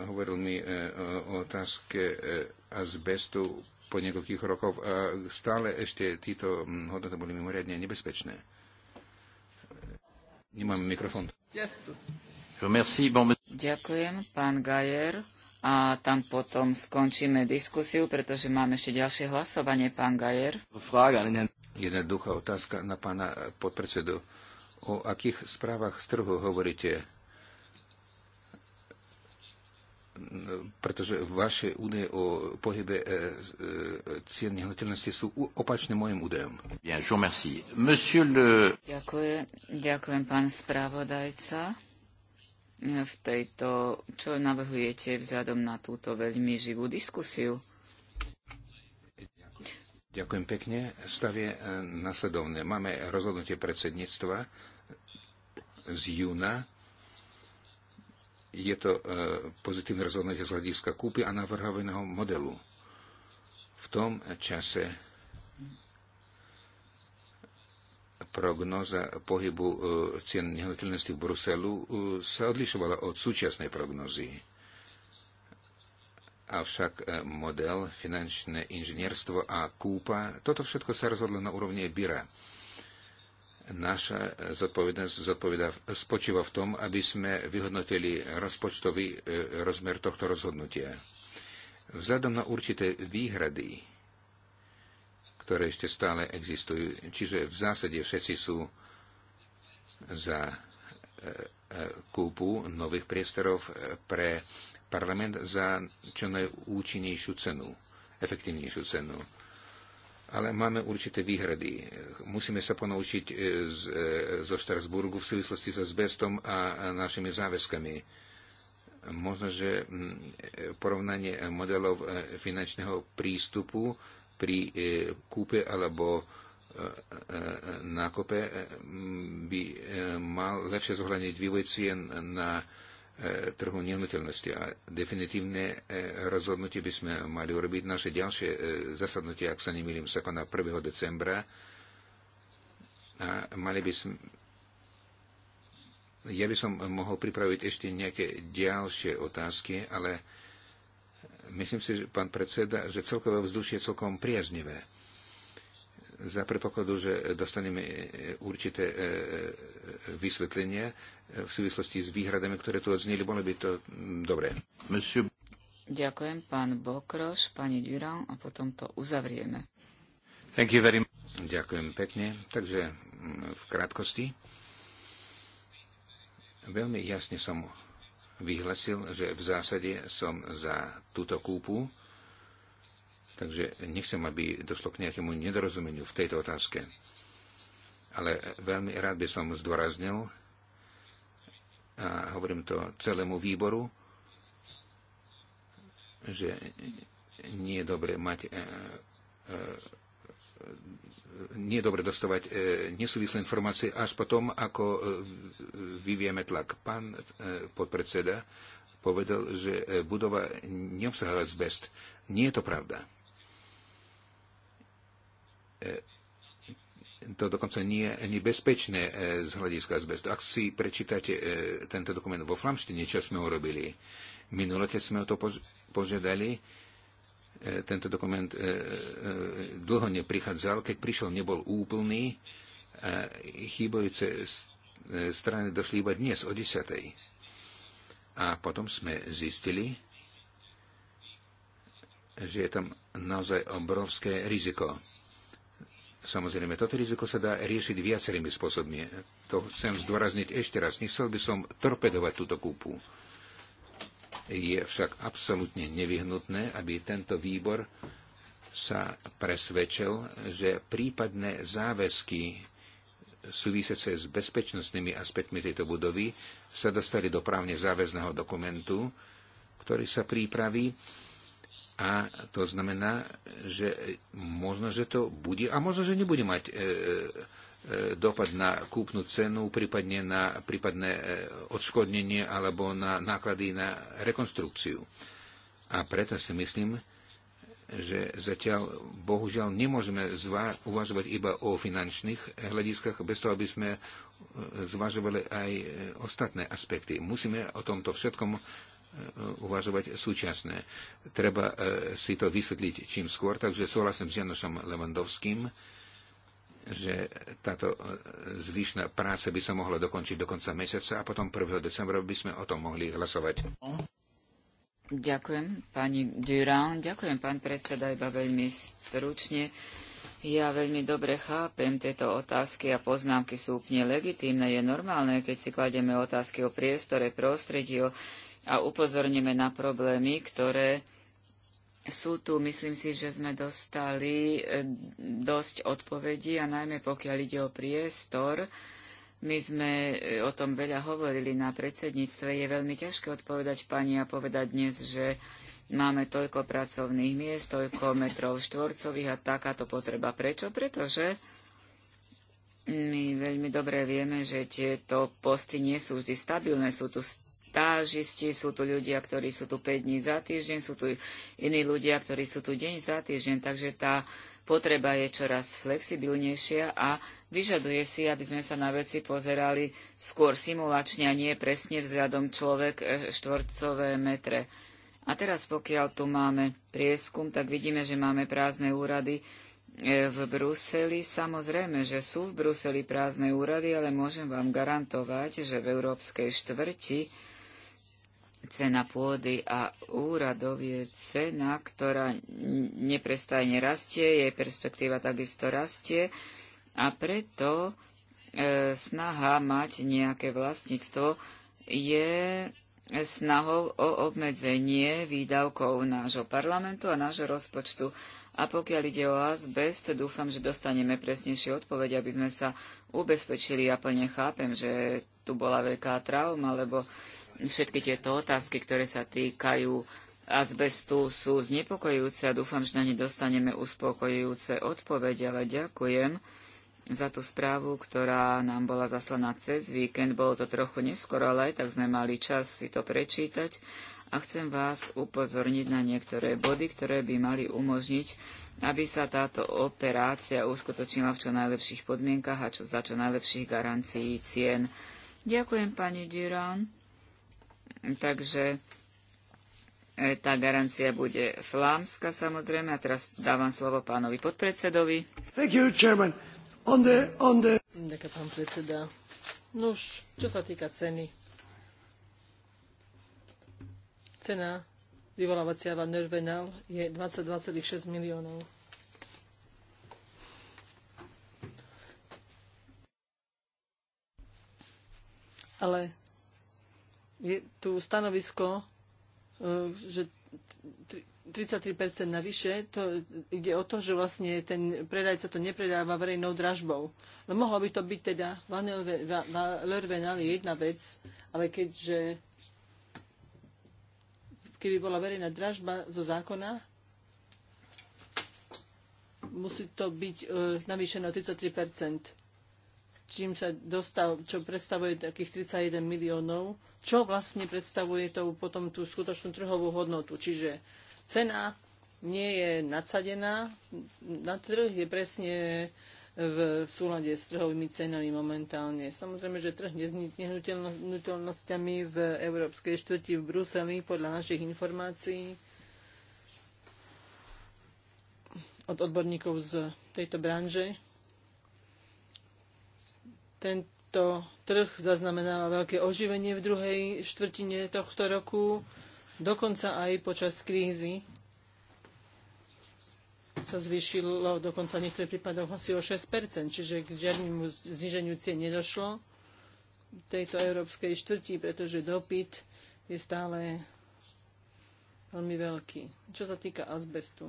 hovoril mi o otázke azbestu po niekoľkých rokov a stále ešte títo hodnoty boli mimoriadne nebezpečné. Nemám mikrofón. Ďakujem, pán Gajer a tam potom skončíme diskusiu, pretože máme ešte ďalšie hlasovanie, pán Gajer. Jednoduchá otázka na pána podpredsedu. O akých správach z trhu hovoríte? Pretože vaše údaje o pohybe e, e, cien nehnuteľnosti sú opačné mojim údajom. Bien, je vous remercie. Monsieur le... Ďakujem, ďakujem pán správodajca v tejto, čo navrhujete vzhľadom na túto veľmi živú diskusiu. Ďakujem pekne. Stavie e, nasledovné. Máme rozhodnutie predsedníctva z júna. Je to e, pozitívne rozhodnutie z hľadiska kúpy a navrhovaného modelu. V tom čase prognoza pohybu e, cien nehnuteľnosti v Bruselu e, sa odlišovala od súčasnej prognozy. Avšak e, model, finančné inžinierstvo a kúpa, toto všetko sa rozhodlo na úrovni BIRA. Naša zodpovednosť zodpoveda, spočíva v tom, aby sme vyhodnotili rozpočtový rozmer tohto rozhodnutia. Vzhľadom na určité výhrady ktoré ešte stále existujú. Čiže v zásade všetci sú za e, e, kúpu nových priestorov pre parlament za čo najúčinnejšiu cenu, efektívnejšiu cenu. Ale máme určité výhrady. Musíme sa ponaučiť e, z, zo Štrasburgu v súvislosti so zbestom a našimi záväzkami. Možno, že mm, porovnanie modelov finančného prístupu pri e, kúpe alebo e, e, nákope by mal lepšie zohľadniť vývoj cien na trhu nehnuteľnosti a definitívne rozhodnutie by sme mali urobiť naše ďalšie zasadnutie, ak sa nemýlim, sa koná 1. decembra a mali by sme ja by som mohol pripraviť ešte nejaké ďalšie otázky, ale Myslím si, že pán predseda, že celkové vzdušie je celkom priaznivé. Za predpokladu, že dostaneme e, e, určité e, vysvetlenia v súvislosti s výhradami, ktoré tu odznieli, bolo by to mm, dobré. Monsieur... Ďakujem, pán Bokroš, pani Durán a potom to uzavrieme. Thank you very much. Ďakujem pekne. Takže mm, v krátkosti. Veľmi jasne som vyhlasil, že v zásade som za túto kúpu, takže nechcem, aby došlo k nejakému nedorozumeniu v tejto otázke. Ale veľmi rád by som zdôraznil, a hovorím to celému výboru, že nie je dobre mať e, e, nie je dobre dostávať e, nesúvislé informácie až potom, ako e, vyvieme tlak. Pán e, podpredseda povedal, že budova neobsahuje zbest. Nie je to pravda. To dokonca nie je nebezpečné z hľadiska zbestu. Ak si prečítate tento dokument vo flamštine, čo sme urobili, minule, keď sme o to požiadali, E, tento dokument e, e, dlho neprichádzal. Keď prišiel, nebol úplný. Chýbajúce strany došli iba dnes o 10. A potom sme zistili, že je tam naozaj obrovské riziko. Samozrejme, toto riziko sa dá riešiť viacerými spôsobmi. To chcem zdôrazniť ešte raz. Nechcel by som torpedovať túto kúpu. Je však absolútne nevyhnutné, aby tento výbor sa presvedčil, že prípadné záväzky súvisiace s bezpečnostnými aspektmi tejto budovy sa dostali do právne záväzného dokumentu, ktorý sa prípraví a to znamená, že možno, že to bude a možno, že nebude mať e E, dopad na kúpnu cenu, prípadne na prípadné e, odškodnenie alebo na náklady na rekonstrukciu. A preto si myslím, že zatiaľ bohužiaľ nemôžeme uvažovať iba o finančných hľadiskách, bez toho, aby sme e, zvažovali aj ostatné aspekty. Musíme o tomto všetkom uvažovať súčasné. Treba si to vysvetliť čím skôr, takže súhlasím s Janošom Levandovským, že táto e, zvyšná práca by sa mohla dokončiť do konca mesiaca a potom 1. decembra by sme o tom mohli hlasovať. Ďakujem, pani Durán. Ďakujem, pán predseda, iba veľmi stručne. Ja veľmi dobre chápem tieto otázky a poznámky sú úplne legitímne. Je normálne, keď si kladieme otázky o priestore, prostredí a upozorníme na problémy, ktoré sú tu, myslím si, že sme dostali e, dosť odpovedí a najmä pokiaľ ide o priestor, my sme e, o tom veľa hovorili na predsedníctve. Je veľmi ťažké odpovedať pani a povedať dnes, že máme toľko pracovných miest, toľko metrov štvorcových a takáto potreba. Prečo? Pretože my veľmi dobre vieme, že tieto posty nie sú vždy stabilné, sú tu stážisti, sú tu ľudia, ktorí sú tu 5 dní za týždeň, sú tu iní ľudia, ktorí sú tu deň za týždeň, takže tá potreba je čoraz flexibilnejšia a vyžaduje si, aby sme sa na veci pozerali skôr simulačne a nie presne vzhľadom človek e, štvorcové metre. A teraz pokiaľ tu máme prieskum, tak vidíme, že máme prázdne úrady e, v Bruseli. Samozrejme, že sú v Bruseli prázdne úrady, ale môžem vám garantovať, že v Európskej štvrti Cena pôdy a úradov je cena, ktorá neprestajne rastie, jej perspektíva takisto rastie a preto e, snaha mať nejaké vlastníctvo je snahou o obmedzenie výdavkov nášho parlamentu a nášho rozpočtu. A pokiaľ ide o azbest, dúfam, že dostaneme presnejšie odpovede, aby sme sa ubezpečili. Ja plne chápem, že tu bola veľká trauma, lebo Všetky tieto otázky, ktoré sa týkajú azbestu, sú znepokojujúce a dúfam, že na ne dostaneme uspokojujúce odpovede, ale ďakujem za tú správu, ktorá nám bola zaslaná cez víkend. Bolo to trochu neskoro, ale aj tak sme mali čas si to prečítať a chcem vás upozorniť na niektoré body, ktoré by mali umožniť aby sa táto operácia uskutočnila v čo najlepších podmienkach a čo, za čo najlepších garancií cien. Ďakujem, pani Duran. Takže e, tá garancia bude flámska samozrejme. A teraz dávam slovo pánovi podpredsedovi. Thank you, chairman. On the, on the... Ďakujem, pán predseda. No už, čo sa týka ceny. Cena vyvolávacia van der Venal je 22,6 miliónov. Ale je tu stanovisko, e, že 33% navyše, to ide o to, že vlastne ten predajca to nepredáva verejnou dražbou. No mohlo by to byť teda Valervenal je jedna vec, ale keďže keby bola verejná dražba zo zákona, musí to byť e, navýšené o 33%, čím sa dostal, čo predstavuje takých 31 miliónov čo vlastne predstavuje to potom tú skutočnú trhovú hodnotu. Čiže cena nie je nadsadená na trh, je presne v súlade s trhovými cenami momentálne. Samozrejme, že trh s nehnuteľnosťami v Európskej štvrti v Bruseli podľa našich informácií od odborníkov z tejto branže ten tento trh zaznamenáva veľké oživenie v druhej štvrtine tohto roku, dokonca aj počas krízy sa zvýšilo dokonca v niektorých prípadoch asi o 6 čiže k žiadnemu zniženiu cien nedošlo v tejto európskej štvrti, pretože dopyt je stále veľmi veľký. Čo sa týka azbestu,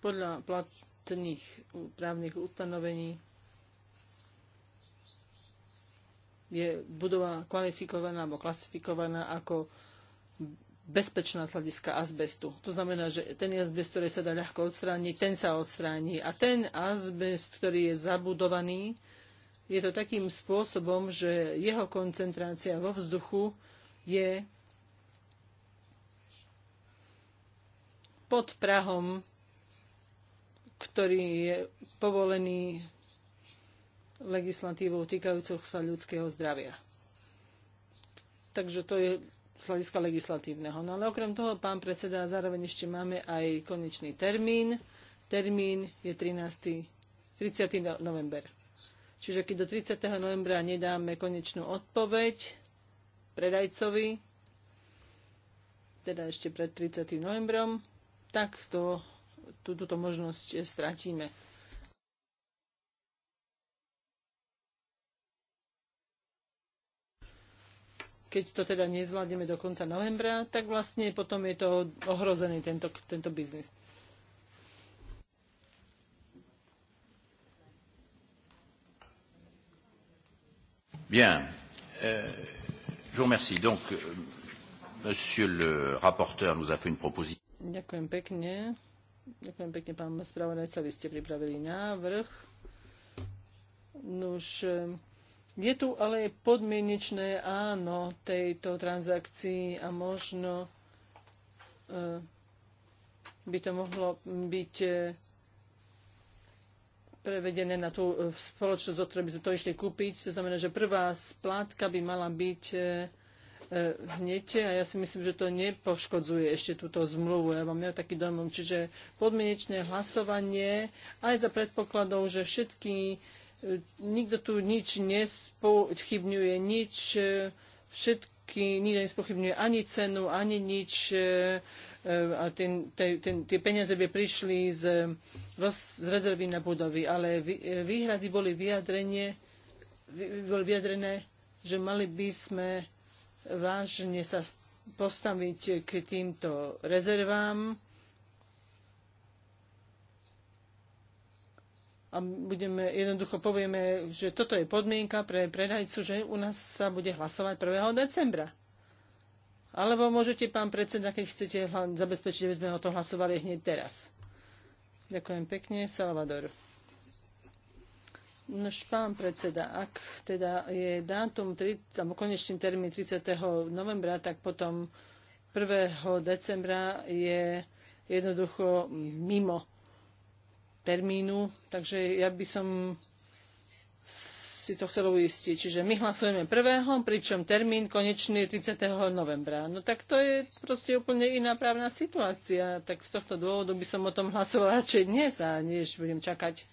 podľa plat- štátnych právnych ustanovení je budova kvalifikovaná alebo klasifikovaná ako bezpečná z hľadiska azbestu. To znamená, že ten azbest, ktorý sa dá ľahko odstrániť, ten sa odstráni. A ten azbest, ktorý je zabudovaný, je to takým spôsobom, že jeho koncentrácia vo vzduchu je pod prahom ktorý je povolený legislatívou týkajúcou sa ľudského zdravia. Takže to je z hľadiska legislatívneho. No ale okrem toho, pán predseda, zároveň ešte máme aj konečný termín. Termín je 13. 30. No- november. Čiže keď do 30. novembra nedáme konečnú odpoveď predajcovi, teda ešte pred 30. novembrom, tak to tú, túto možnosť e, stratíme. Keď to teda nezvládneme do konca novembra, tak vlastne potom je to ohrozený tento, tento biznis. Bien. Euh, je vous remercie. Donc, euh, monsieur le rapporteur nous a fait une proposition. Ďakujem pekne. Ďakujem pekne, pán spravodajca. Vy ste pripravili návrh. Nuž, eh, je tu ale podmienečné áno tejto transakcii a možno eh, by to mohlo byť eh, prevedené na tú spoločnosť, od ktorej by sme to išli kúpiť. To znamená, že prvá splátka by mala byť E, hneď a ja si myslím, že to nepoškodzuje ešte túto zmluvu. Ja mám ja taký dojem, čiže podmienečné hlasovanie aj za predpokladov, že všetky, e, nikto tu nič nespochybňuje, nič, e, všetky, nikto nespochybňuje ani cenu, ani nič, a ten, ten, ten, tie peniaze by prišli z, roz, z rezervy na budovy, ale vy, výhrady boli vyjadrené, vy, boli vyjadrené, že mali by sme vážne sa postaviť k týmto rezervám a budeme, jednoducho povieme, že toto je podmienka pre predajcu, že u nás sa bude hlasovať 1. decembra. Alebo môžete, pán predseda, keď chcete zabezpečiť, aby sme o to hlasovali hneď teraz. Ďakujem pekne. Salvador. Nož, pán predseda, ak teda je dátum, alebo konečný termín 30. novembra, tak potom 1. decembra je jednoducho mimo termínu, takže ja by som si to chcel uistiť. Čiže my hlasujeme 1., pričom termín konečný je 30. novembra. No tak to je proste úplne iná právna situácia. Tak z tohto dôvodu by som o tom hlasovala radšej dnes a než budem čakať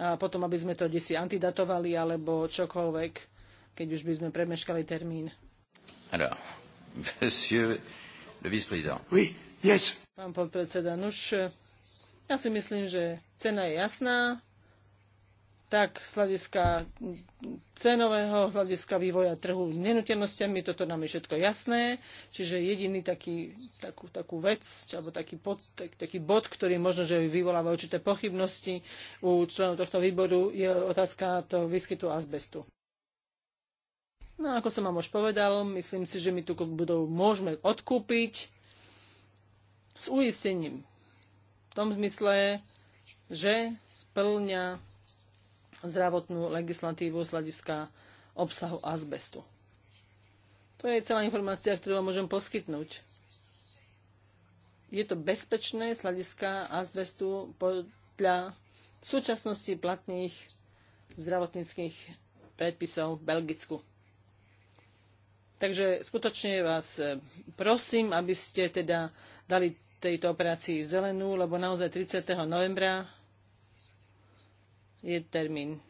a potom, aby sme to desi antidatovali alebo čokoľvek, keď už by sme premeškali termín. Alors, monsieur le vice-président. Oui, yes. Pán podpredseda, nuž, ja si myslím, že cena je jasná, tak z hľadiska cenového, z hľadiska vývoja trhu s nenutelnostiami, toto nám je všetko jasné. Čiže jediný taký, takú, takú vec, alebo taký, pod, tak, taký bod, ktorý možno, že vyvoláva určité pochybnosti u členov tohto výboru, je otázka toho výskytu azbestu. No ako som vám už povedal, myslím si, že my tu budovu môžeme odkúpiť s uistením. V tom zmysle, že splňa zdravotnú legislatívu z hľadiska obsahu azbestu. To je celá informácia, ktorú vám môžem poskytnúť. Je to bezpečné z hľadiska azbestu podľa v súčasnosti platných zdravotníckých predpisov v Belgicku. Takže skutočne vás e, prosím, aby ste teda dali tejto operácii zelenú, lebo naozaj 30. novembra je termín.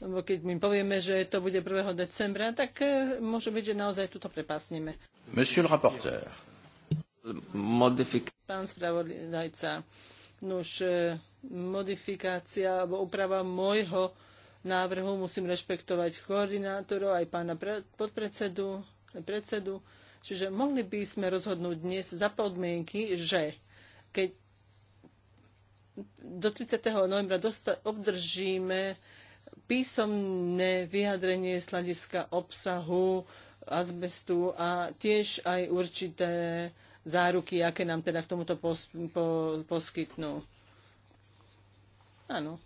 Lebo keď my povieme, že to bude 1. decembra, tak e, môže byť, že naozaj tuto prepásneme. Monsieur le rapporteur. Modific- Pán spravodajca, nuž e, modifikácia alebo úprava môjho návrhu musím rešpektovať koordinátorov, aj pána pre- podpredsedu, predsedu. Čiže mohli by sme rozhodnúť dnes za podmienky, že keď do 30. novembra dosta, obdržíme písomné vyjadrenie z hľadiska obsahu azbestu a tiež aj určité záruky, aké nám teda k tomuto pos, po, poskytnú. Áno,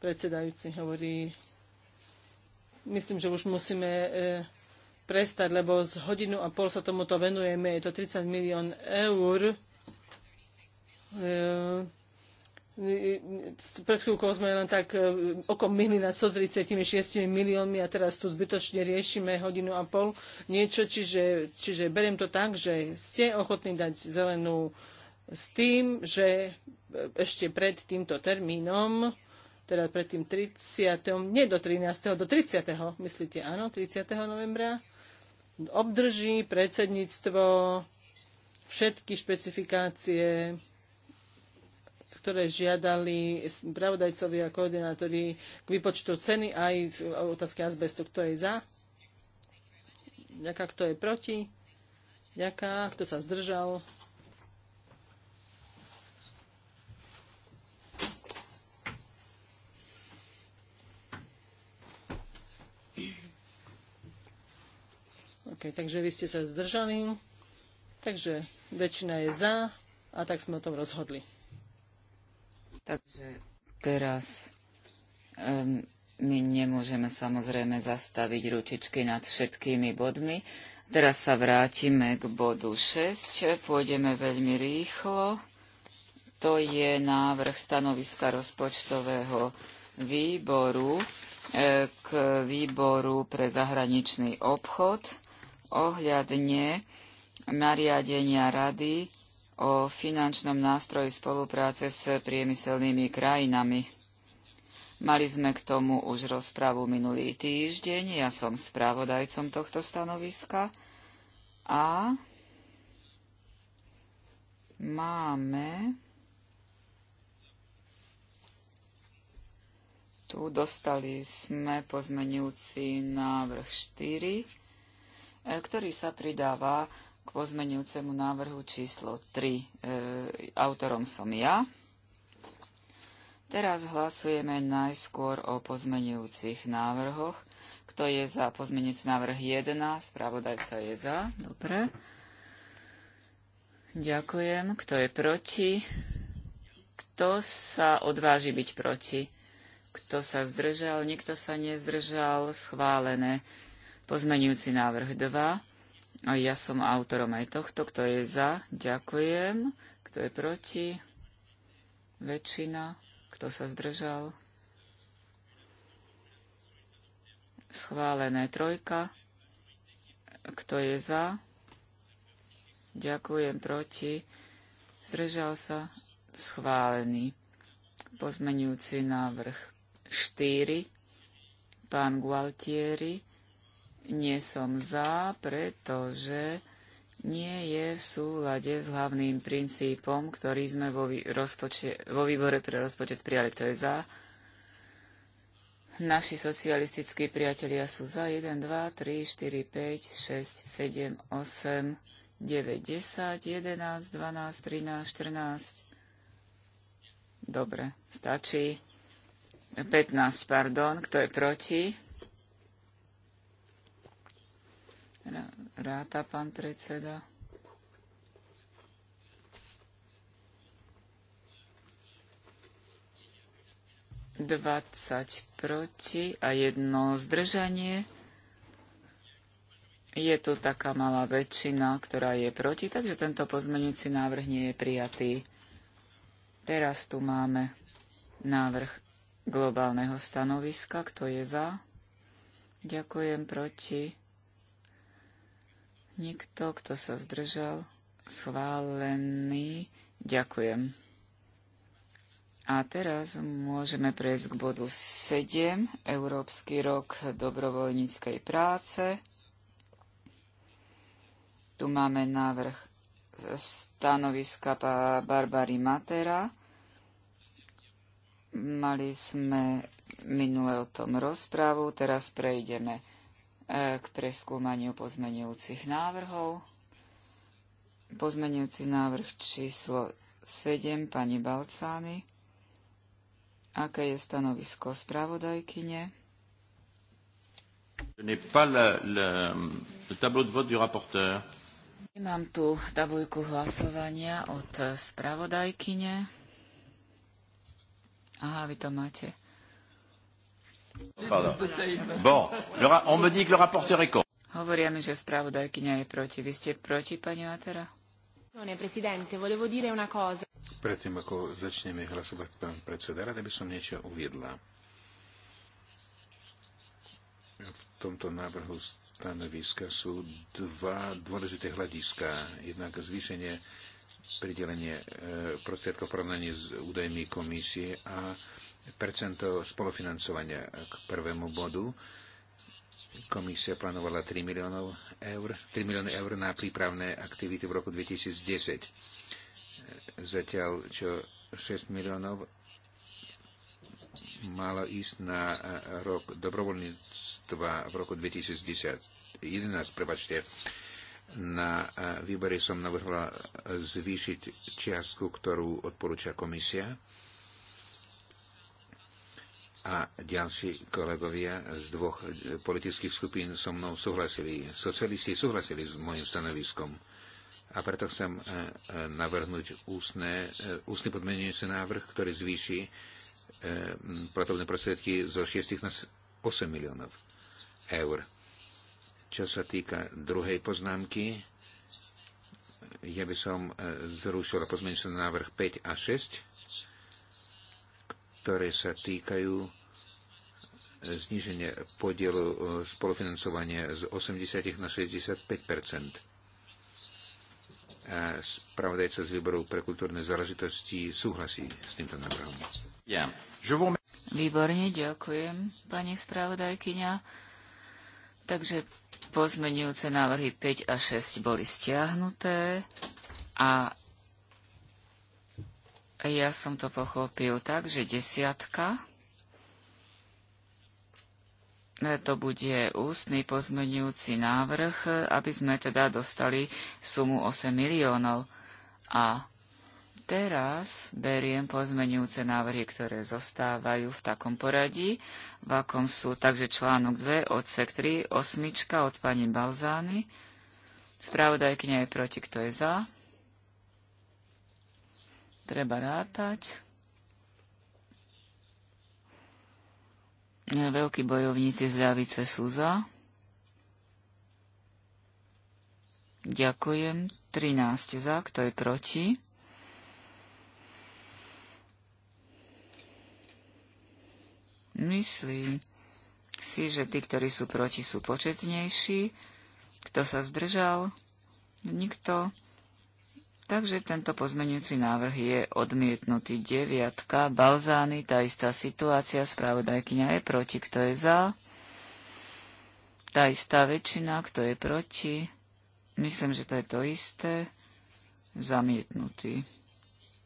predsedajúci hovorí. Myslím, že už musíme e, prestať, lebo z hodinu a pol sa tomuto venujeme. Je to 30 milión eur. E, pred chvíľkou sme len tak e, okom myhli nad 136 miliónmi a teraz tu zbytočne riešime hodinu a pol niečo, čiže, čiže beriem to tak, že ste ochotní dať zelenú s tým, že ešte pred týmto termínom, teda pred tým 30. nie do 13. do 30. myslíte, áno, 30. novembra, obdrží predsedníctvo všetky špecifikácie ktoré žiadali pravodajcovi a koordinátori k výpočtu ceny aj z otázky azbestu. Kto je za? Ďaká, kto je proti? Ďaká, kto sa zdržal? OK, takže vy ste sa zdržali, takže väčšina je za a tak sme o tom rozhodli. Takže teraz um, my nemôžeme samozrejme zastaviť ručičky nad všetkými bodmi. Teraz sa vrátime k bodu 6. Pôjdeme veľmi rýchlo. To je návrh stanoviska rozpočtového výboru e, k výboru pre zahraničný obchod ohľadne nariadenia rady o finančnom nástroji spolupráce s priemyselnými krajinami. Mali sme k tomu už rozpravu minulý týždeň, ja som spravodajcom tohto stanoviska a máme tu dostali sme pozmenujúci návrh 4, e, ktorý sa pridáva k pozmeňujúcemu návrhu číslo 3. E, autorom som ja. Teraz hlasujeme najskôr o pozmeňujúcich návrhoch. Kto je za pozmeňujúci návrh 1? Spravodajca je za. Dobre. Ďakujem. Kto je proti? Kto sa odváži byť proti? Kto sa zdržal? Nikto sa nezdržal. Schválené. Pozmeňujúci návrh 2. A ja som autorom aj tohto. Kto je za? Ďakujem. Kto je proti? Väčšina. Kto sa zdržal? Schválené trojka. Kto je za? Ďakujem proti. Zdržal sa. Schválený. Pozmenujúci návrh 4. Pán Gualtieri nie som za, pretože nie je v súlade s hlavným princípom, ktorý sme vo, rozpočet, vo výbore pre rozpočet prijali. To je za. Naši socialistickí priatelia sú za 1, 2, 3, 4, 5, 6, 7, 8, 9, 10, 11, 12, 13, 14. Dobre, stačí. 15, pardon. Kto je proti? ráta pán predseda. Dvadsať proti a jedno zdržanie. Je tu taká malá väčšina, ktorá je proti, takže tento pozmenujúci návrh nie je prijatý. Teraz tu máme návrh globálneho stanoviska. Kto je za? Ďakujem proti. Nikto, kto sa zdržal, schválený. Ďakujem. A teraz môžeme prejsť k bodu 7, Európsky rok dobrovoľníckej práce. Tu máme návrh stanoviska Barbary Matera. Mali sme minule o tom rozprávu, teraz prejdeme E, k preskúmaniu pozmenujúcich návrhov. Pozmenujúci návrh číslo 7 pani Balcány. Aké je stanovisko spravodajkyne? Nemám tu tabuľku hlasovania od spravodajkyne. Aha, vy to máte. Bon, ra- on me dit que le rapporteur est contre. Hovoria mi, že spravodajkyňa je proti. Vy ste proti, pani Atera? Predtým, ako začneme hlasovať, pán predseda, rada by som niečo uviedla. V tomto návrhu stanoviska sú dva dôležité hľadiska. Jednak zvýšenie pridelenie eh, prostriedkov v porovnaní s údajmi komisie a percento spolufinancovania k prvému bodu. Komisia plánovala 3 miliónov eur, 3 milióny eur na prípravné aktivity v roku 2010. Zatiaľ, čo 6 miliónov malo ísť na rok dobrovoľníctva v roku 2010. 11, prebačte. Na výbore som navrhla zvýšiť čiastku, ktorú odporúča komisia a ďalší kolegovia z dvoch politických skupín so mnou súhlasili. Socialisti súhlasili s môjim stanoviskom. A preto chcem e, e, navrhnúť ústne, e, ústny podmenujúci návrh, ktorý zvýši platobné prostriedky zo 6 na 8 miliónov eur. Čo sa týka druhej poznámky, ja by som zrušil pozmenujúci návrh 5 a 6 ktoré sa týkajú zniženie podielu e, spolufinancovania z 80 na 65 A spravodajca z výboru pre kultúrne záležitosti súhlasí s týmto návrhom. Výborne, ďakujem, pani spravodajkyňa. Takže pozmenujúce návrhy 5 a 6 boli stiahnuté a ja som to pochopil tak, že desiatka e, to bude ústny pozmenujúci návrh, e, aby sme teda dostali sumu 8 miliónov. A teraz beriem pozmenujúce návrhy, ktoré zostávajú v takom poradí, v akom sú. Takže článok 2, odsek 3, osmička od pani Balzány. Spravodajkňa je proti, kto je za treba rátať. Veľkí bojovníci z ľavice sú za. Ďakujem. 13 za, kto je proti? Myslím si, že tí, ktorí sú proti, sú početnejší. Kto sa zdržal? Nikto. Takže tento pozmenujúci návrh je odmietnutý. Deviatka, Balzány, tá istá situácia, spravodajkyňa je proti, kto je za. Tá istá väčšina, kto je proti. Myslím, že to je to isté. Zamietnutý.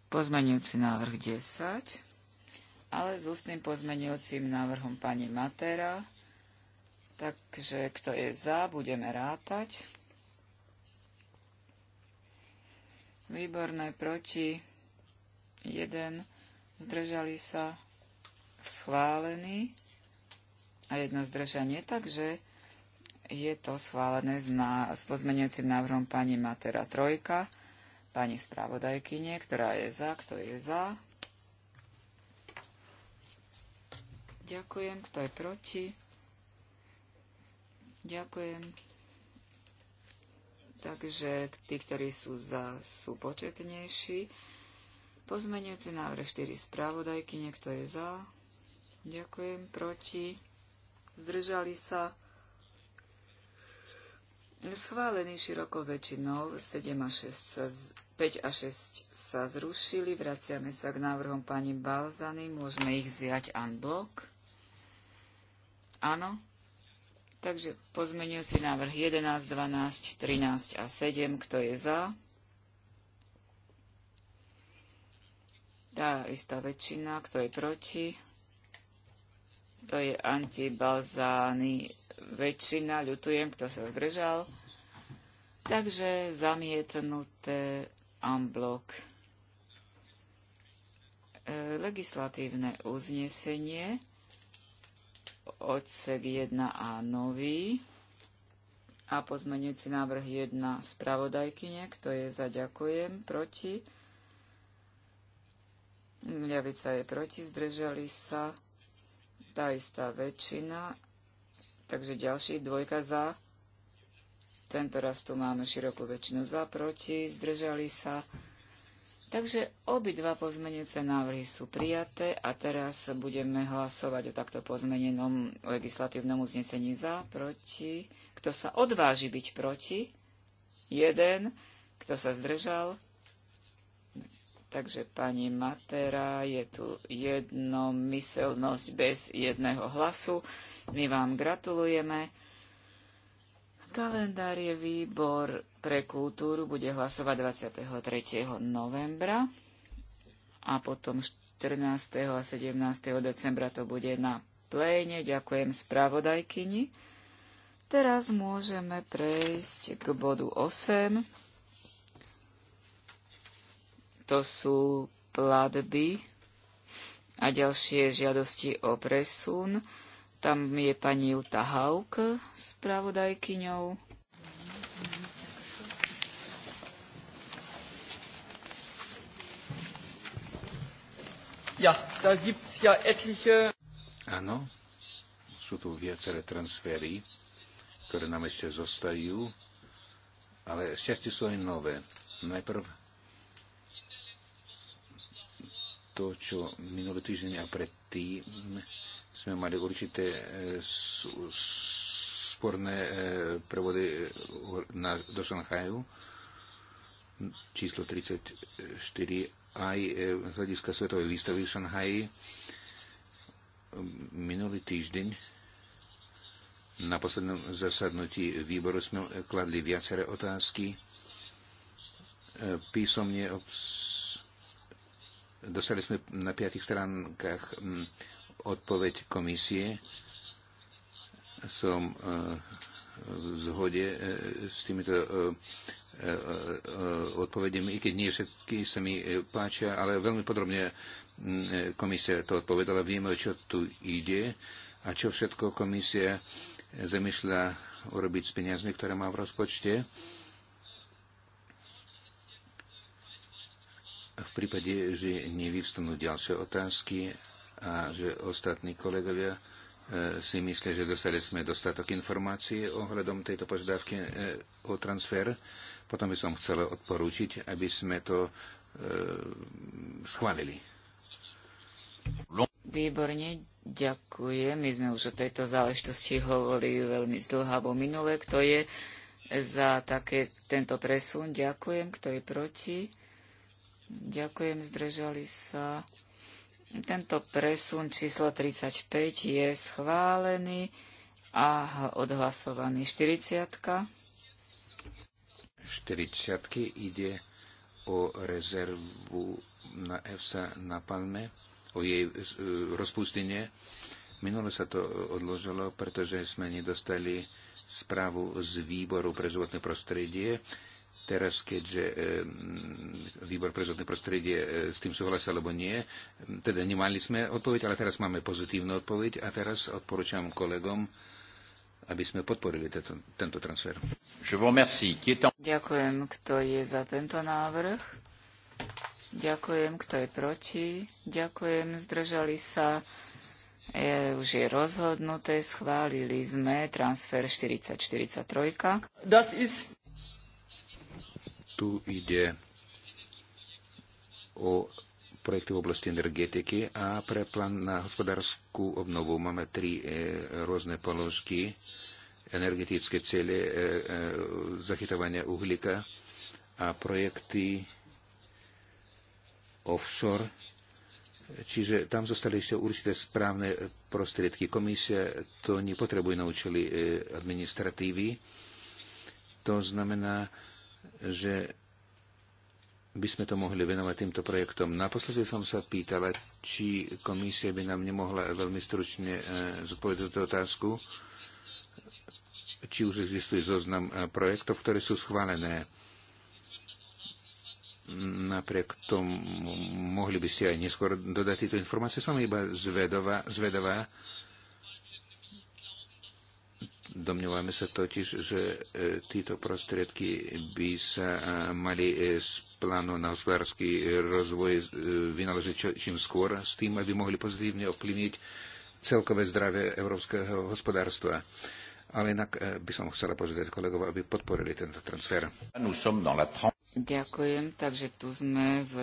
Pozmenujúci návrh 10, ale s ústnym pozmenujúcim návrhom pani Matera. Takže kto je za, budeme rátať. Výborné proti. 1. Zdržali sa schválený a jedno zdržanie, takže je to schválené s, na, s pozmeniacim návrhom pani Matera Trojka, pani spravodajkyne, ktorá je za, kto je za. Ďakujem, kto je proti. Ďakujem. Takže tí, ktorí sú za, sú početnejší. Pozmenujúci návrh 4 správodajky, niekto je za. Ďakujem, proti. Zdržali sa. Schválený širokou väčšinou 7 a 6 sa z... 5 a 6 sa zrušili. Vraciame sa k návrhom pani Balzany. Môžeme ich vziať unblock. Áno. Takže pozmeňujúci návrh 11, 12, 13 a 7, kto je za? Tá istá väčšina, kto je proti? To je antibalzány väčšina, ľutujem, kto sa zdržal. Takže zamietnuté amblok. E, legislatívne uznesenie odsek 1a nový a pozmenujúci návrh 1 spravodajkyne, kto je za ďakujem, proti. Ľavica je proti, zdržali sa tá istá väčšina. Takže ďalší dvojka za. Tento raz tu máme širokú väčšinu za, proti, zdržali sa. Takže obidva pozmenujúce návrhy sú prijaté a teraz budeme hlasovať o takto pozmenenom legislatívnom uznesení za, proti. Kto sa odváži byť proti? Jeden. Kto sa zdržal? Takže pani Matera, je tu jednomyselnosť bez jedného hlasu. My vám gratulujeme. Kalendár je výbor pre kultúru bude hlasovať 23. novembra a potom 14. a 17. decembra to bude na pléne. Ďakujem spravodajkyni. Teraz môžeme prejsť k bodu 8. To sú platby a ďalšie žiadosti o presun. Tam je pani Juta Hauk spravodajkyňou. Ja, da gibt's ja etliche... Áno, sú tu viaceré transfery, ktoré nám ešte zostajú, ale šťastie sú aj nové. Najprv to, čo minulý týždeň a predtým sme mali určité e, sporné e, prevody e, na, do Šanghaju, číslo 34 aj e, z hľadiska Svetovej výstavy v Šanghaji. Minulý týždeň na poslednom zasadnutí výboru sme kladli viaceré otázky. E, písomne obs... dostali sme na piatich stránkach odpoveď komisie. Som e, v zhode s týmito E, e, odpovedím, i keď nie všetky sa mi e, páčia, ale veľmi podrobne komisia to odpovedala. Vieme, o čo tu ide a čo všetko komisia zamýšľa urobiť s peniazmi, ktoré má v rozpočte. V prípade, že nevyvstanú ďalšie otázky a že ostatní kolegovia E, si myslia, že dostali sme dostatok informácií ohľadom tejto požiadavky e, o transfer. Potom by som chcel odporúčiť, aby sme to e, schválili. Výborne, ďakujem. My sme už o tejto záležitosti hovorili veľmi zdlhavo minule. Kto je za také, tento presun? Ďakujem. Kto je proti? Ďakujem, zdržali sa. Tento presun číslo 35 je schválený a odhlasovaný 40. 40 ide o rezervu na EFSA na Palme, o jej e, rozpustenie. Minule sa to odložilo, pretože sme nedostali správu z výboru pre životné prostredie Teraz, keďže e, výbor pre životné prostredie e, s tým súhlasí alebo nie, teda nemali sme odpoveď, ale teraz máme pozitívnu odpoveď a teraz odporúčam kolegom, aby sme podporili tento, tento transfer. Je Ďakujem, kto je za tento návrh. Ďakujem, kto je proti. Ďakujem, zdržali sa. Je, už je rozhodnuté, schválili sme transfer 4043. Is tu ide o projekty v oblasti energetiky a pre plán na hospodárskú obnovu máme tri e, rôzne položky energetické cele e, e, zachytávania uhlíka a projekty offshore. Čiže tam zostali ešte určité správne prostriedky. Komisia to nepotrebuje naučili administratívy. To znamená, že by sme to mohli venovať týmto projektom. Naposledy som sa pýtala, či komisia by nám nemohla veľmi stručne e, zodpovedať túto otázku, či už existuje zoznam e, projektov, ktoré sú schválené. Napriek tomu mohli by ste aj neskôr dodať tieto informácie. Som iba zvedová, zvedová Domnievame sa totiž, že e, tieto prostriedky by sa e, mali e, z plánu na hospodársky rozvoj vynaložiť čím skôr, s tým, aby mohli pozitívne ovplyvniť celkové zdravie európskeho hospodárstva. Ale inak by som chcela požiadať kolegov, aby podporili tento transfer. Ďakujem, takže tu sme v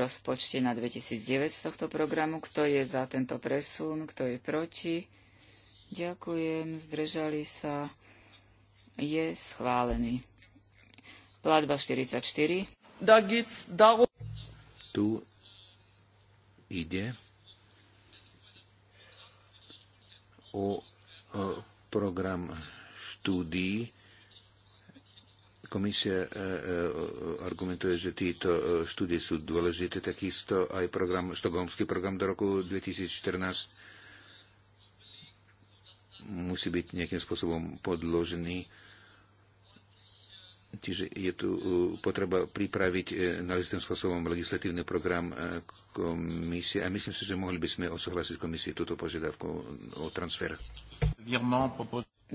rozpočte na 2009 z tohto programu. Kto je za tento presun, kto je proti? Ďakujem, zdržali sa. Je schválený. Platba 44. Tu ide o, o program štúdií. Komisia e, e, argumentuje, že títo e, štúdie sú dôležité, takisto aj program, štokholmský program do roku 2014 musí byť nejakým spôsobom podložený. Čiže je tu uh, potreba pripraviť uh, náležitým spôsobom legislatívny program uh, komisie a myslím si, že mohli by sme odsúhlasiť komisii túto požiadavku o transfer.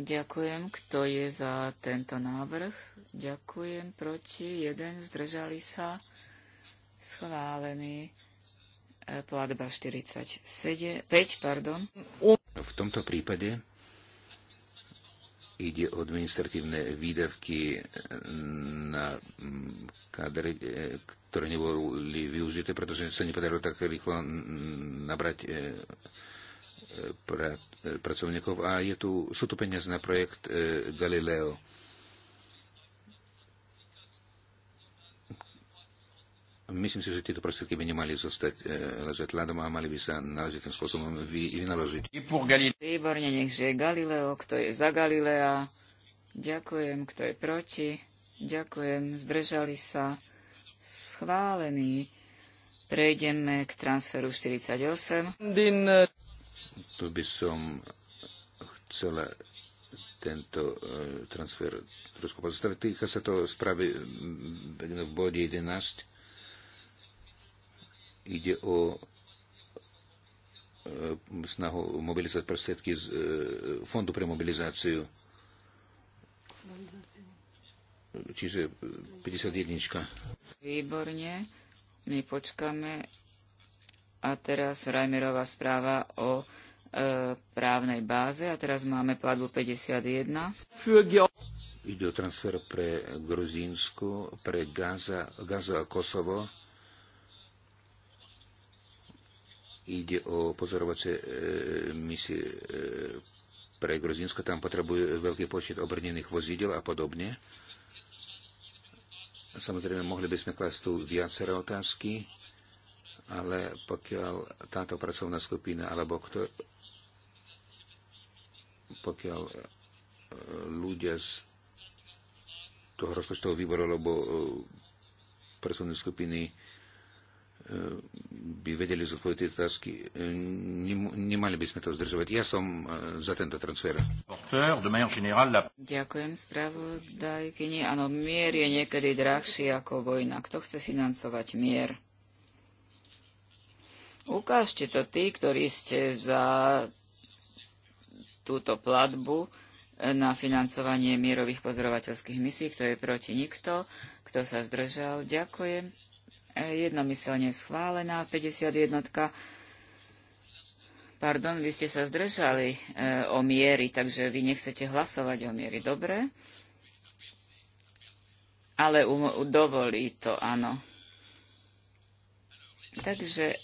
Ďakujem. Kto je za tento návrh? Ďakujem. Proti? Jeden. Zdržali sa? Schválený. E, platba 45, pardon. V tomto prípade ide o administratívne výdavky na mm, kadre, e, ktoré neboli využité, pretože sa nepodarilo tak rýchlo nabrať e, e, pracovníkov. A je tu, sú tu peniaze na projekt Galileo Myslím si, že tieto prostriedky by nemali zostať e, ležať ľadom a mali by sa náležitým spôsobom vy, vynaložiť. Výborne, nech žije Galileo, kto je za Galilea. Ďakujem, kto je proti. Ďakujem, zdržali sa. Schválený. Prejdeme k transferu 48. Din... E, tu by som chcela tento e, transfer trošku pozostaviť. Týka sa to spravy v bode 11 Ide o e, snahu mobilizovať prostriedky z e, Fondu pre mobilizáciu. Čiže 51. Výborne. My počkáme. A teraz Rajmerová správa o e, právnej báze. A teraz máme platbu 51. Ide o transfer pre Gruzínsku, pre Gaza, Gaza a Kosovo Ide o pozorovacie e, misie e, pre Gruzinsko, tam potrebuje veľký počet obrnených vozidel a podobne. Samozrejme, mohli by sme klasť tu viaceré otázky, ale pokiaľ táto pracovná skupina, alebo kto, pokiaľ e, ľudia z toho rozpočtového výboru, alebo pracovnej skupiny by vedeli zodpovedať tie otázky, e, nemali by sme to zdržovať. Ja som e, za tento transfer. Ďakujem spravodajkyni. Áno, mier je niekedy drahší ako vojna. Kto chce financovať mier? Ukážte to tí, ktorí ste za túto platbu e, na financovanie mierových pozorovateľských misií, ktoré je proti nikto, kto sa zdržal. Ďakujem jednomyselne schválená. 51. Pardon, vy ste sa zdržali e, o miery, takže vy nechcete hlasovať o miery. Dobre? Ale um, dovolí to, áno. Takže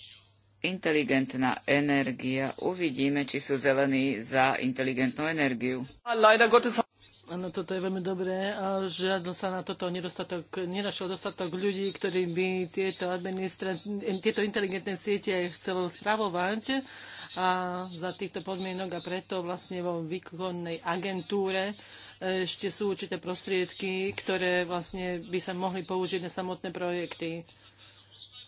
inteligentná energia. Uvidíme, či sú zelení za inteligentnú energiu. Áno, toto je veľmi dobré a žiadal sa na toto nedostatok, nenašiel dostatok ľudí, ktorí by tieto, tieto inteligentné siete chcelo spravovať a za týchto podmienok a preto vlastne vo výkonnej agentúre e, ešte sú určité prostriedky, ktoré vlastne by sa mohli použiť na samotné projekty.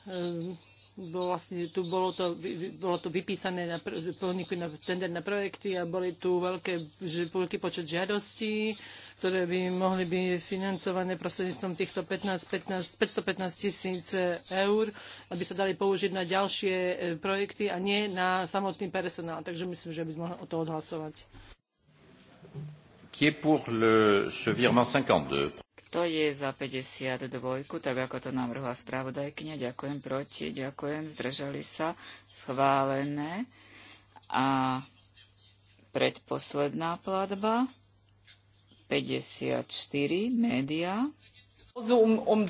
Ehm bol vlastne tu bolo to, bolo to vypísané na, pr- na tender na projekty a boli tu veľké, veľký počet žiadostí, ktoré by mohli byť financované prostredníctvom týchto 15, 15, 515 tisíc eur, aby sa dali použiť na ďalšie e, projekty a nie na samotný personál. Takže myslím, že by sme mohli o to odhlasovať. Qui est pour le, ce virement 52 to je za 52, tak ako to navrhla spravodajkyňa. Ďakujem proti, ďakujem, zdržali sa, schválené. A predposledná platba, 54, média. Um, um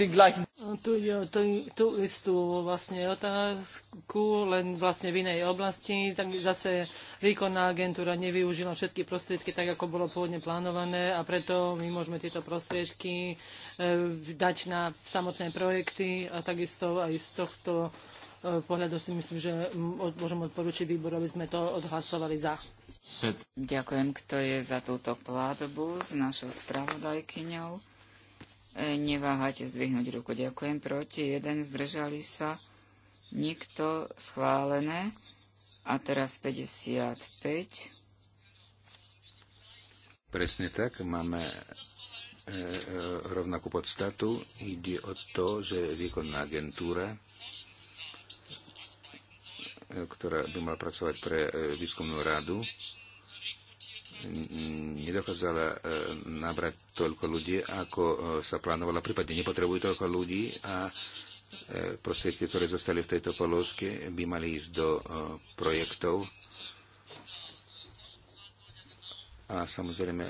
no, tu istú vlastne otázku, len vlastne v inej oblasti. Tak zase výkonná agentúra nevyužila všetky prostriedky tak, ako bolo pôvodne plánované a preto my môžeme tieto prostriedky e, dať na samotné projekty a takisto aj z tohto e, pohľadu si myslím, že môžem odporučiť výboru, aby sme to odhlasovali za. Ďakujem, kto je za túto pládobu s našou spravodajkyňou. Neváhajte zdvihnúť ruku. Ďakujem. Proti. Jeden. Zdržali sa. Nikto. Schválené. A teraz 55. Presne tak. Máme e, e, rovnakú podstatu. Ide o to, že výkonná agentúra e, ktorá by mala pracovať pre výskumnú radu, nedokázala e, nabrať toľko ľudí, ako e, sa plánovala, prípadne nepotrebujú toľko ľudí a e, prostriedky, ktoré zostali v tejto položke, by mali ísť do projektov. A samozrejme,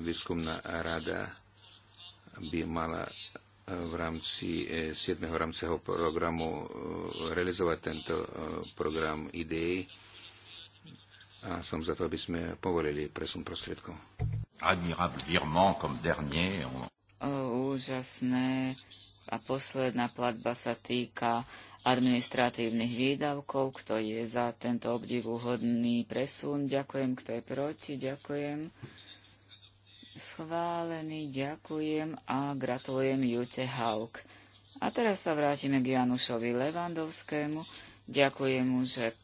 výskumná rada by mala v rámci 7. rámceho programu realizovať tento program ideí a som za to, aby sme povolili presun prostriedkov. Úžasné. A posledná platba sa týka administratívnych výdavkov. Kto je za tento obdivuhodný presun? Ďakujem. Kto je proti? Ďakujem. Schválený, ďakujem a gratulujem Jute Hauk. A teraz sa vrátime k Janušovi Levandovskému. Ďakujem mu, že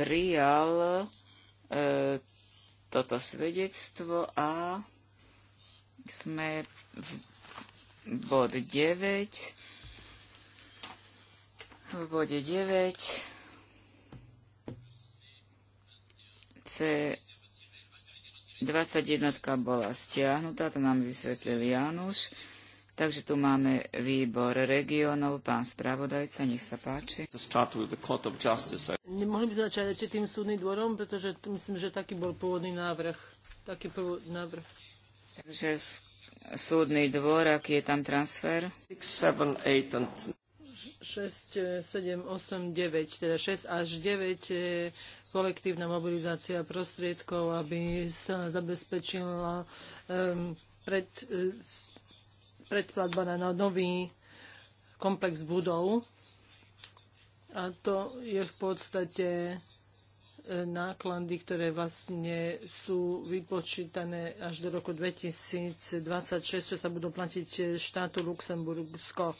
prijal e, toto svedectvo a sme v bod 9. V bode 9 C 21 bola stiahnutá, to nám vysvetlil Januš. Takže tu máme výbor regionov, pán spravodajca, nech sa páči. Nemohli by sme začať ešte tým súdnym dvorom, pretože myslím, že taký bol pôvodný návrh. Taký pôvodný návrh. Takže súdny dvor, aký je tam transfer? 6, 7, 8 9, teda 6 až 9 kolektívna mobilizácia prostriedkov, aby sa zabezpečila um, pred, predplatba na nový komplex budov. A to je v podstate e, náklady, ktoré vlastne sú vypočítané až do roku 2026, čo sa budú platiť e, štátu Luxembursko.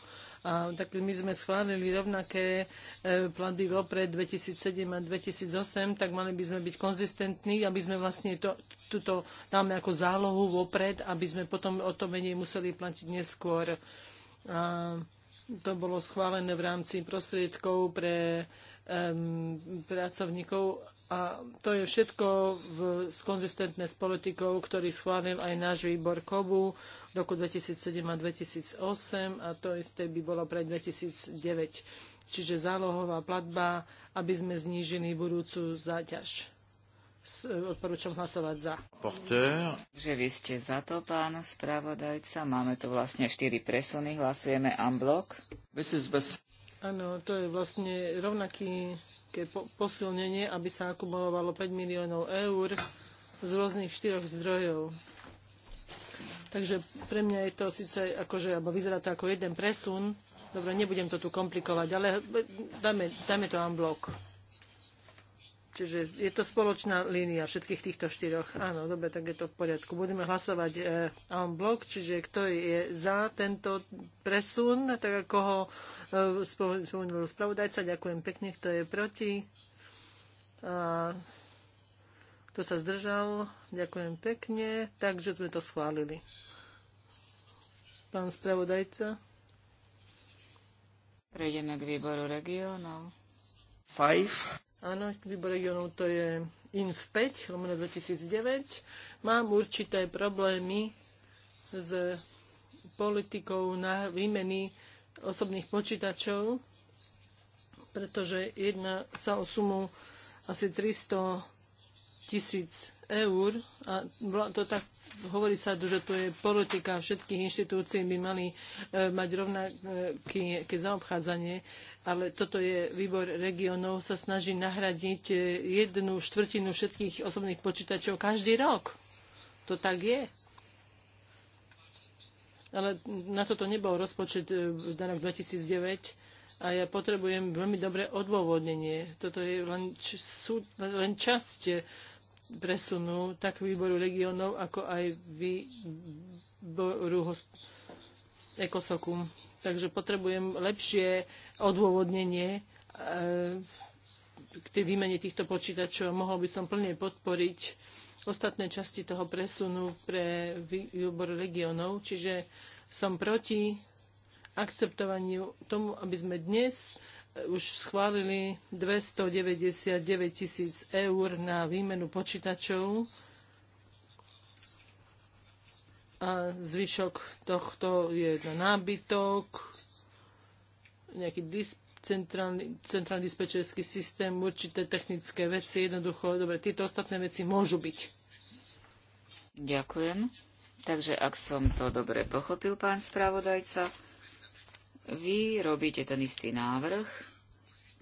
A, tak my sme schválili rovnaké e, platby vopred 2007 a 2008, tak mali by sme byť konzistentní, aby sme vlastne to, tuto dáme ako zálohu vopred, aby sme potom o to menej museli platiť neskôr. A, to bolo schválené v rámci prostriedkov pre um, pracovníkov a to je všetko v, konzistentné s politikou, ktorý schválil aj náš výbor KOBU v roku 2007 a 2008 a to isté by bolo pre 2009. Čiže zálohová platba, aby sme znížili budúcu záťaž. Odporúčam hlasovať za. Že vy ste za to, pán spravodajca. Máme tu vlastne 4 presuny. Hlasujeme unblock. Áno, to je vlastne rovnaký posilnenie, aby sa akumulovalo 5 miliónov eur z rôznych štyroch zdrojov. Takže pre mňa je to síce akože, alebo vyzerá to ako jeden presun. Dobre, nebudem to tu komplikovať, ale dáme, dáme to unblock. Čiže je to spoločná línia všetkých týchto štyroch. Áno, dobre, tak je to v poriadku. Budeme hlasovať eh, en blok, čiže kto je za tento presun, tak ako ho eh, spomenul spravodajca. Ďakujem pekne, kto je proti. A kto sa zdržal, ďakujem pekne. Takže sme to schválili. Pán spravodajca. Prejdeme k výboru regionov. Five. Áno, výbor regionov to je INF 5, lomeno 2009. Mám určité problémy s politikou na výmeny osobných počítačov, pretože jedna sa o sumu asi 300 tisíc eur. A to tak hovorí sa, že to je politika všetkých inštitúcií, by mali e, mať rovnaké e, zaobchádzanie, ale toto je výbor regionov, sa snaží nahradiť e, jednu štvrtinu všetkých osobných počítačov každý rok. To tak je. Ale na toto nebol rozpočet na rok 2009 a ja potrebujem veľmi dobré odôvodnenie. Toto je len, sú, len časť presunu, tak výboru regionov, ako aj výboru ekosoku. Takže potrebujem lepšie odôvodnenie e, k tej výmene týchto počítačov mohol by som plne podporiť ostatné časti toho presunu pre výbor regionov. Čiže som proti akceptovaniu tomu, aby sme dnes už schválili 299 tisíc eur na výmenu počítačov a zvyšok tohto je na nábytok, nejaký displej, centrálny, centrálny dispečerský systém, určité technické veci, jednoducho, dobre, tieto ostatné veci môžu byť. Ďakujem. Takže ak som to dobre pochopil, pán spravodajca, vy robíte ten istý návrh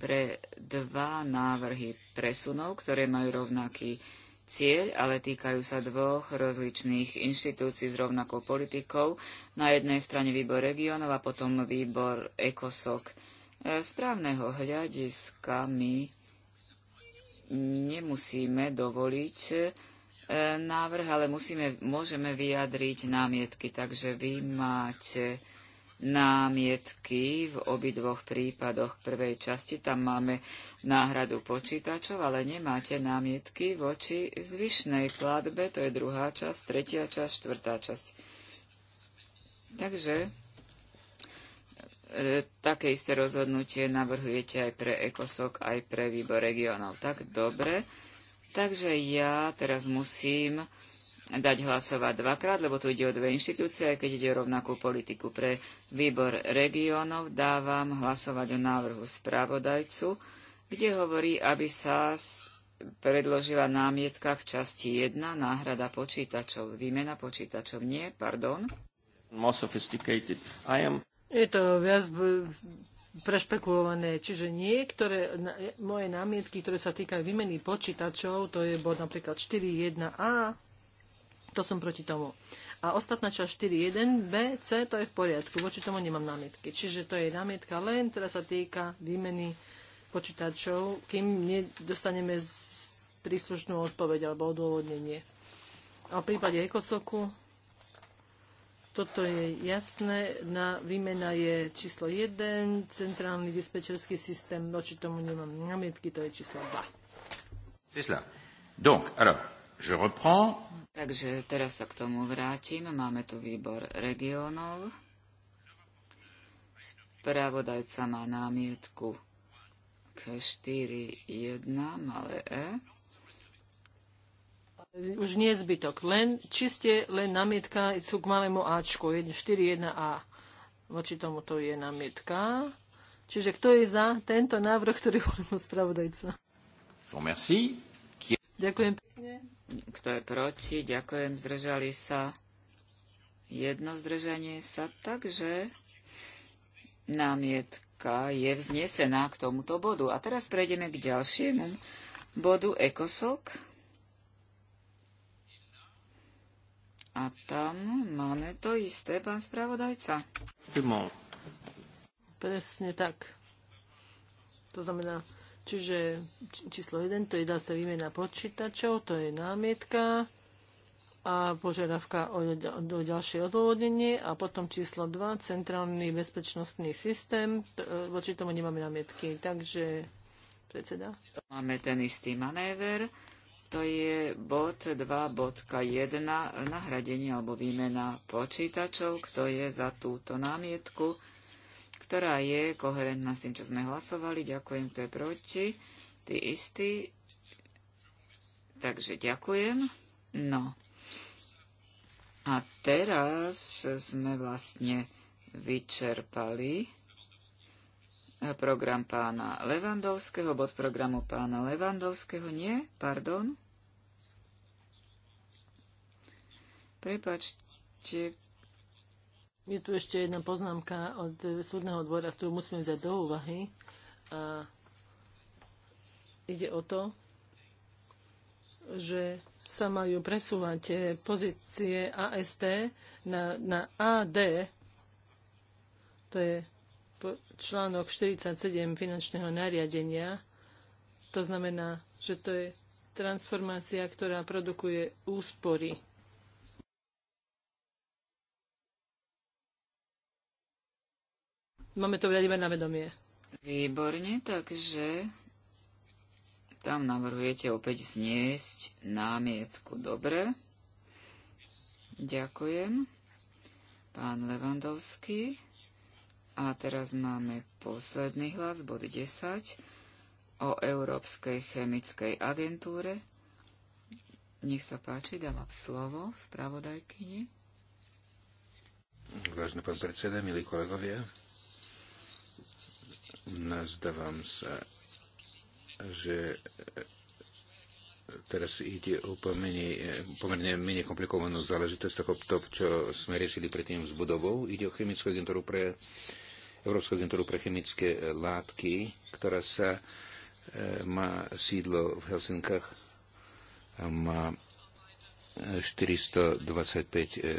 pre dva návrhy presunov, ktoré majú rovnaký cieľ, ale týkajú sa dvoch rozličných inštitúcií s rovnakou politikou. Na jednej strane výbor regionov a potom výbor ECOSOC. Správneho e, hľadiska my nemusíme dovoliť e, návrh, ale musíme, môžeme vyjadriť námietky. Takže vy máte námietky v obidvoch prípadoch prvej časti. Tam máme náhradu počítačov, ale nemáte námietky voči zvyšnej platbe. To je druhá časť, tretia časť, štvrtá časť. Takže e, také isté rozhodnutie navrhujete aj pre ECOSOC, aj pre výbor regionov. Tak dobre. Takže ja teraz musím dať hlasovať dvakrát, lebo tu ide o dve inštitúcie, aj keď ide o rovnakú politiku. Pre výbor regiónov dávam hlasovať o návrhu spravodajcu, kde hovorí, aby sa predložila námietka v časti 1, náhrada počítačov, výmena počítačov. Nie, pardon. Je to viac prešpekulované. Čiže niektoré moje námietky, ktoré sa týkajú výmeny počítačov, to je bod napríklad 4.1a, to som proti tomu. A ostatná časť 4.1, B, C, to je v poriadku. Voči tomu nemám námietky. Čiže to je námietka len, ktorá sa týka výmeny počítačov, kým nedostaneme príslušnú odpoveď alebo odôvodnenie. A v prípade Ekosoku toto je jasné. Na výmena je číslo 1, centrálny dispečerský systém, voči tomu nemám námietky, to je číslo 2. Donc, alors, je reprends. Takže teraz sa k tomu vrátim. Máme tu výbor regionov. Spravodajca má námietku k 4.1 malé e. Už nie zbytok, len čiste len námietka sú k malému Ačku, 4.1a. Voči tomu to je námietka. Čiže kto je za tento návrh, ktorý urobil spravodajca? Ďakujem pekne. Kto je proti? Ďakujem, zdržali sa. Jedno zdržanie sa, takže námietka je vznesená k tomuto bodu. A teraz prejdeme k ďalšiemu bodu ekosok. A tam máme to isté, pán spravodajca. Presne tak. To znamená, Čiže číslo 1 to je dá sa výmena počítačov, to je námietka a požiadavka o, o ďalšie odôvodnenie a potom číslo 2 centrálny bezpečnostný systém, e, voči tomu nemáme námietky. Takže predseda. Máme ten istý manéver, to je bod 2.1 nahradenie alebo výmena počítačov, kto je za túto námietku ktorá je koherentná s tým, čo sme hlasovali. Ďakujem, to je proti. Ty istý. Takže ďakujem. No. A teraz sme vlastne vyčerpali program pána Levandovského, bod programu pána Levandovského, nie, pardon. Prepačte, je tu ešte jedna poznámka od súdneho dvora, ktorú musíme vziať do úvahy. A ide o to, že sa majú presúvať eh, pozície AST na, na AD, to je článok 47 finančného nariadenia. To znamená, že to je transformácia, ktorá produkuje úspory Máme to brať iba na vedomie. Výborne, takže tam navrhujete opäť zniesť námietku. Dobre. Ďakujem. Pán Levandovský. A teraz máme posledný hlas, bod 10, o Európskej chemickej agentúre. Nech sa páči, dávam slovo spravodajkyni. Vážený pán predseda, milí kolegovia, Nazdávam sa, že teraz ide o pomerne menej komplikovanú záležitosť toho, to, čo sme riešili predtým s budovou. Ide o chemickú agentúru pre Európsku agentúru pre chemické látky, ktorá sa e, má sídlo v Helsinkách a má 425 e, e,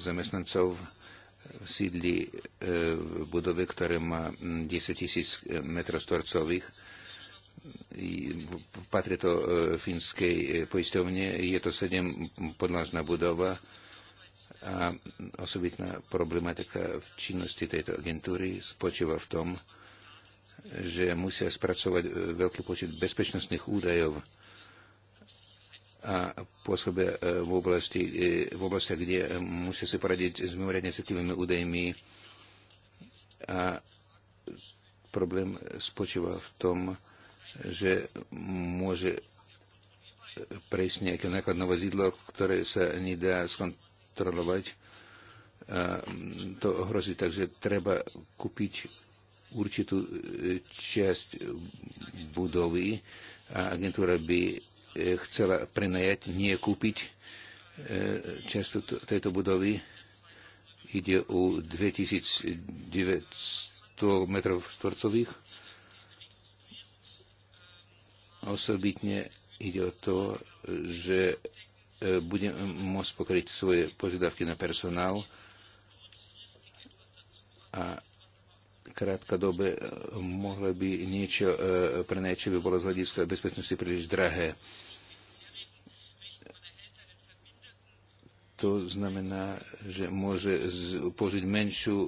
zamestnancov sídli e, v budove, ktoré má 10 tisíc e, metrostvorcových. Patrí to e, fínskej poisťovne. Je to 7 podlažná budova a osobitná problematika v činnosti tejto agentúry spočíva v tom, že musia spracovať veľký počet bezpečnostných údajov a pôsobia e, v oblasti, e, v oblasti, kde musia si poradiť s mimoriadne citlivými údajmi. A problém spočíva v tom, že môže prejsť nejaké nákladné vozidlo, ktoré sa nedá skontrolovať. A to hrozí, takže treba kúpiť určitú e, časť budovy a agentúra by E, chcela prenajať, nie kúpiť e, časť tejto budovy. Ide o 2900 metrov štvorcových. Osobitne ide o to, že e, budem môcť pokryť svoje požiadavky na personál a krátkodobé e, mohlo by niečo e, pre čo by bolo z hľadiska bezpečnosti príliš drahé. To znamená, že môže použiť menšiu e,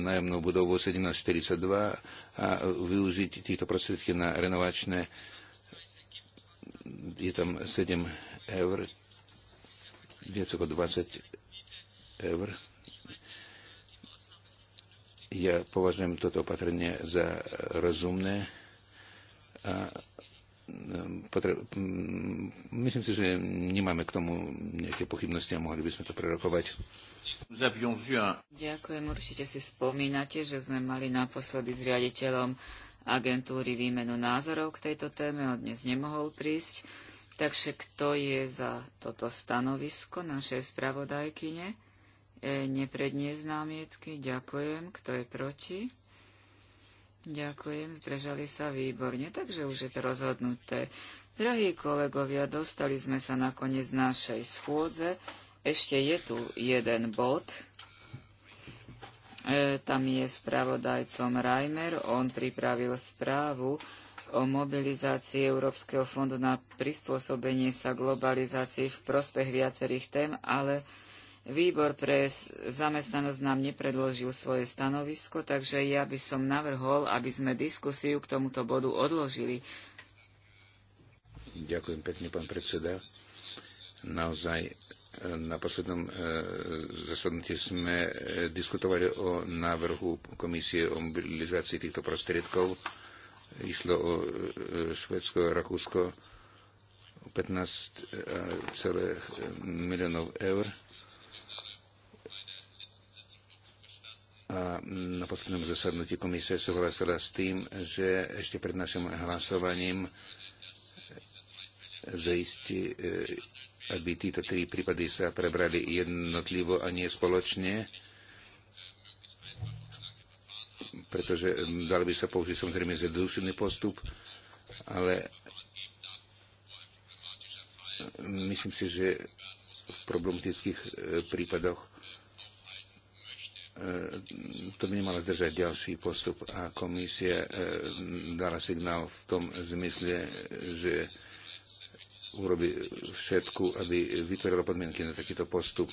nájomnú budovu 1742 a využiť tieto prostriedky na renovačné. Je tam 7 eur, viac ako 20 eur ja považujem toto opatrenie za rozumné a potre... myslím si, že nemáme k tomu nejaké pochybnosti a mohli by sme to prerokovať. Ďakujem, určite si spomínate, že sme mali naposledy s riaditeľom agentúry výmenu názorov k tejto téme, on dnes nemohol prísť. Takže kto je za toto stanovisko našej spravodajkyne? nepredniesť námietky. Ďakujem. Kto je proti? Ďakujem. Zdržali sa výborne. Takže už je to rozhodnuté. Drahí kolegovia, dostali sme sa na koniec našej schôdze. Ešte je tu jeden bod. E, tam je spravodajcom Reimer. On pripravil správu o mobilizácii Európskeho fondu na prispôsobenie sa globalizácii v prospech viacerých tém, ale Výbor pre zamestnanosť nám nepredložil svoje stanovisko, takže ja by som navrhol, aby sme diskusiu k tomuto bodu odložili. Ďakujem pekne, pán predseda. Naozaj e, na poslednom e, zasadnutí sme e, diskutovali o návrhu komisie o mobilizácii týchto prostriedkov. Išlo o Švedsko, Rakúsko 15,5 miliónov eur A na poslednom zasadnutí komisie súhlasila s tým, že ešte pred našim hlasovaním zaistí, e, aby títo tri prípady sa prebrali jednotlivo a nie spoločne, pretože dalo by sa použiť samozrejme zjednodušený postup, ale myslím si, že v problematických e, prípadoch E, to by nemalo zdržať ďalší postup a komisia e, dala signál v tom zmysle, že urobi všetku, aby vytvorila podmienky na takýto postup.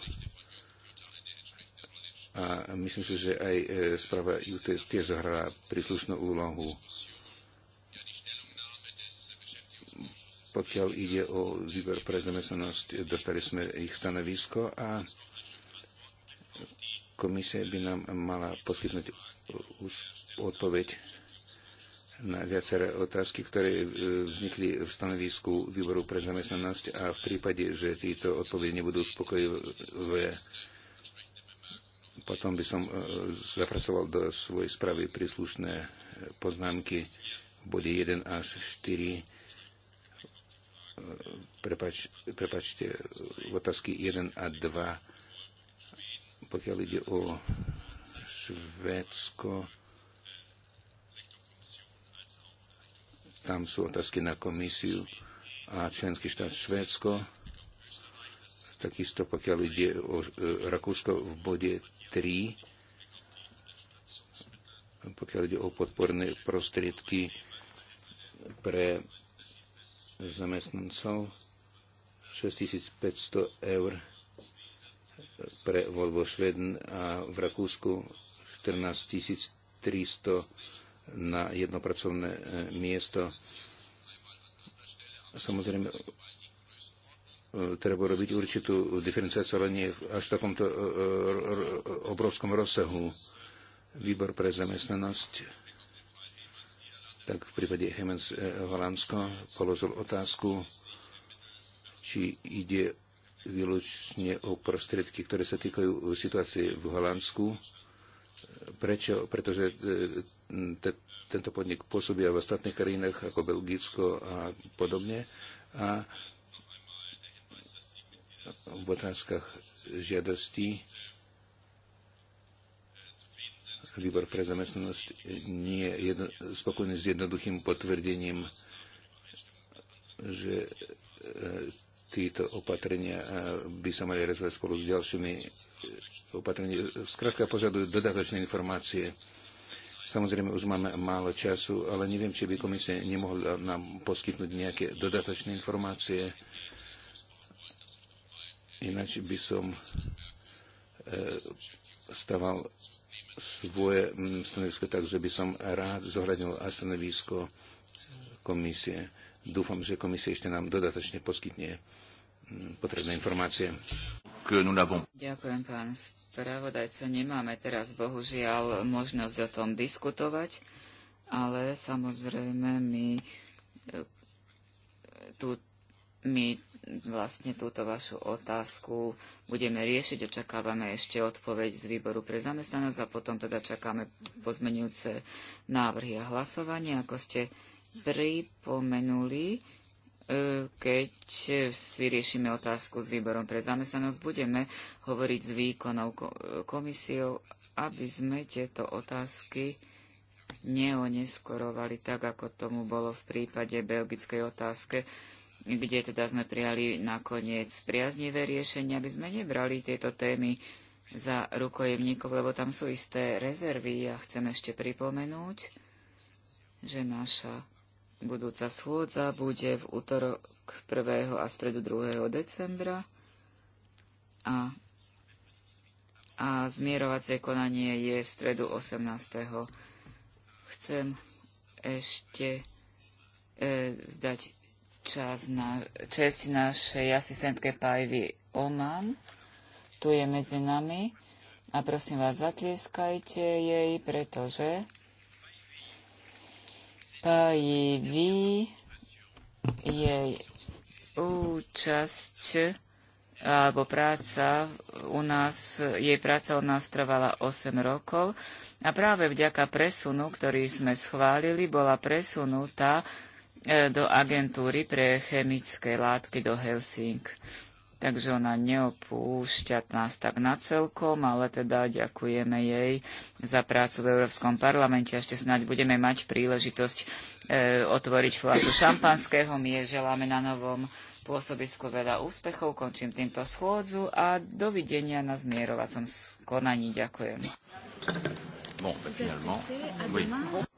A myslím si, že aj e, správa UT tiež zahrala príslušnú úlohu. Pokiaľ ide o výber pre zamestnanosť, dostali sme ich stanovisko a Komisia by nám mala poskytnúť už odpoveď na viaceré otázky, ktoré e, vznikli v stanovisku výboru pre zamestnanosť a v prípade, že títo odpovede nebudú spokojivé, potom by som e, zapracoval do svojej správy príslušné poznámky v bode 1 až 4. E, prepač, prepačte, otázky 1 a 2 pokiaľ ide o Švédsko, tam sú otázky na komisiu a členský štát Švédsko, takisto pokiaľ ide o e, Rakúsko v bode 3, pokiaľ ide o podporné prostriedky pre zamestnancov 6500 eur pre Volvo Šveden a v Rakúsku 14 300 na jedno pracovné e, miesto. Samozrejme, e, treba robiť určitú diferenciáciu, ale nie až v takomto e, obrovskom rozsahu. Výbor pre zamestnanosť, tak v prípade Hemens Holandsko, položil otázku, či ide výlučne o prostriedky, ktoré sa týkajú situácie v Holandsku. Prečo? Pretože e, te, tento podnik pôsobí aj v ostatných krajinách ako Belgicko a podobne. A v otázkach žiadosti výbor pre zamestnanosť nie je jedno, spokojný s jednoduchým potvrdením, že e, Títo opatrenia eh, by sa mali rezovať spolu s ďalšími eh, opatreniami. Skrátka požadujú dodatočné informácie. Samozrejme, už máme málo času, ale neviem, či by komisie nemohla nám poskytnúť nejaké dodatočné informácie. Ináč by som eh, staval svoje mm, stanovisko tak, že by som rád zohľadnil stanovisko komisie. Dúfam, že komisia ešte nám dodatočne poskytne mm, potrebné informácie. Ďakujem, pán spravodajca. Nemáme teraz bohužiaľ možnosť o tom diskutovať, ale samozrejme my, e, tu, my vlastne túto vašu otázku budeme riešiť. Očakávame ešte odpoveď z výboru pre zamestnanosť a potom teda čakáme pozmenujúce návrhy a hlasovanie. Ako ste pripomenuli, e, keď si riešime otázku s výborom pre zamestnanosť, budeme hovoriť s výkonnou komisiou, aby sme tieto otázky neoneskorovali tak, ako tomu bolo v prípade belgickej otázke, kde teda sme prijali nakoniec priaznivé riešenie, aby sme nebrali tieto témy za rukojemníkov, lebo tam sú isté rezervy a chcem ešte pripomenúť, že naša Budúca schôdza bude v útorok 1. a stredu 2. decembra a, a zmierovacie konanie je v stredu 18. Chcem ešte e, zdať čas na čest našej asistentke Pajvy Oman. Tu je medzi nami a prosím vás, zatlieskajte jej, pretože pájivý jej účasť alebo práca u nás, jej práca u nás trvala 8 rokov a práve vďaka presunu, ktorý sme schválili, bola presunutá e, do agentúry pre chemické látky do Helsing takže ona neopúšťa nás tak na celkom, ale teda ďakujeme jej za prácu v Európskom parlamente. Ešte snáď budeme mať príležitosť e, otvoriť flasu šampanského. My je želáme na novom pôsobisku veľa úspechov. Končím týmto schôdzu a dovidenia na zmierovacom konaní. Ďakujem. Bon, ben,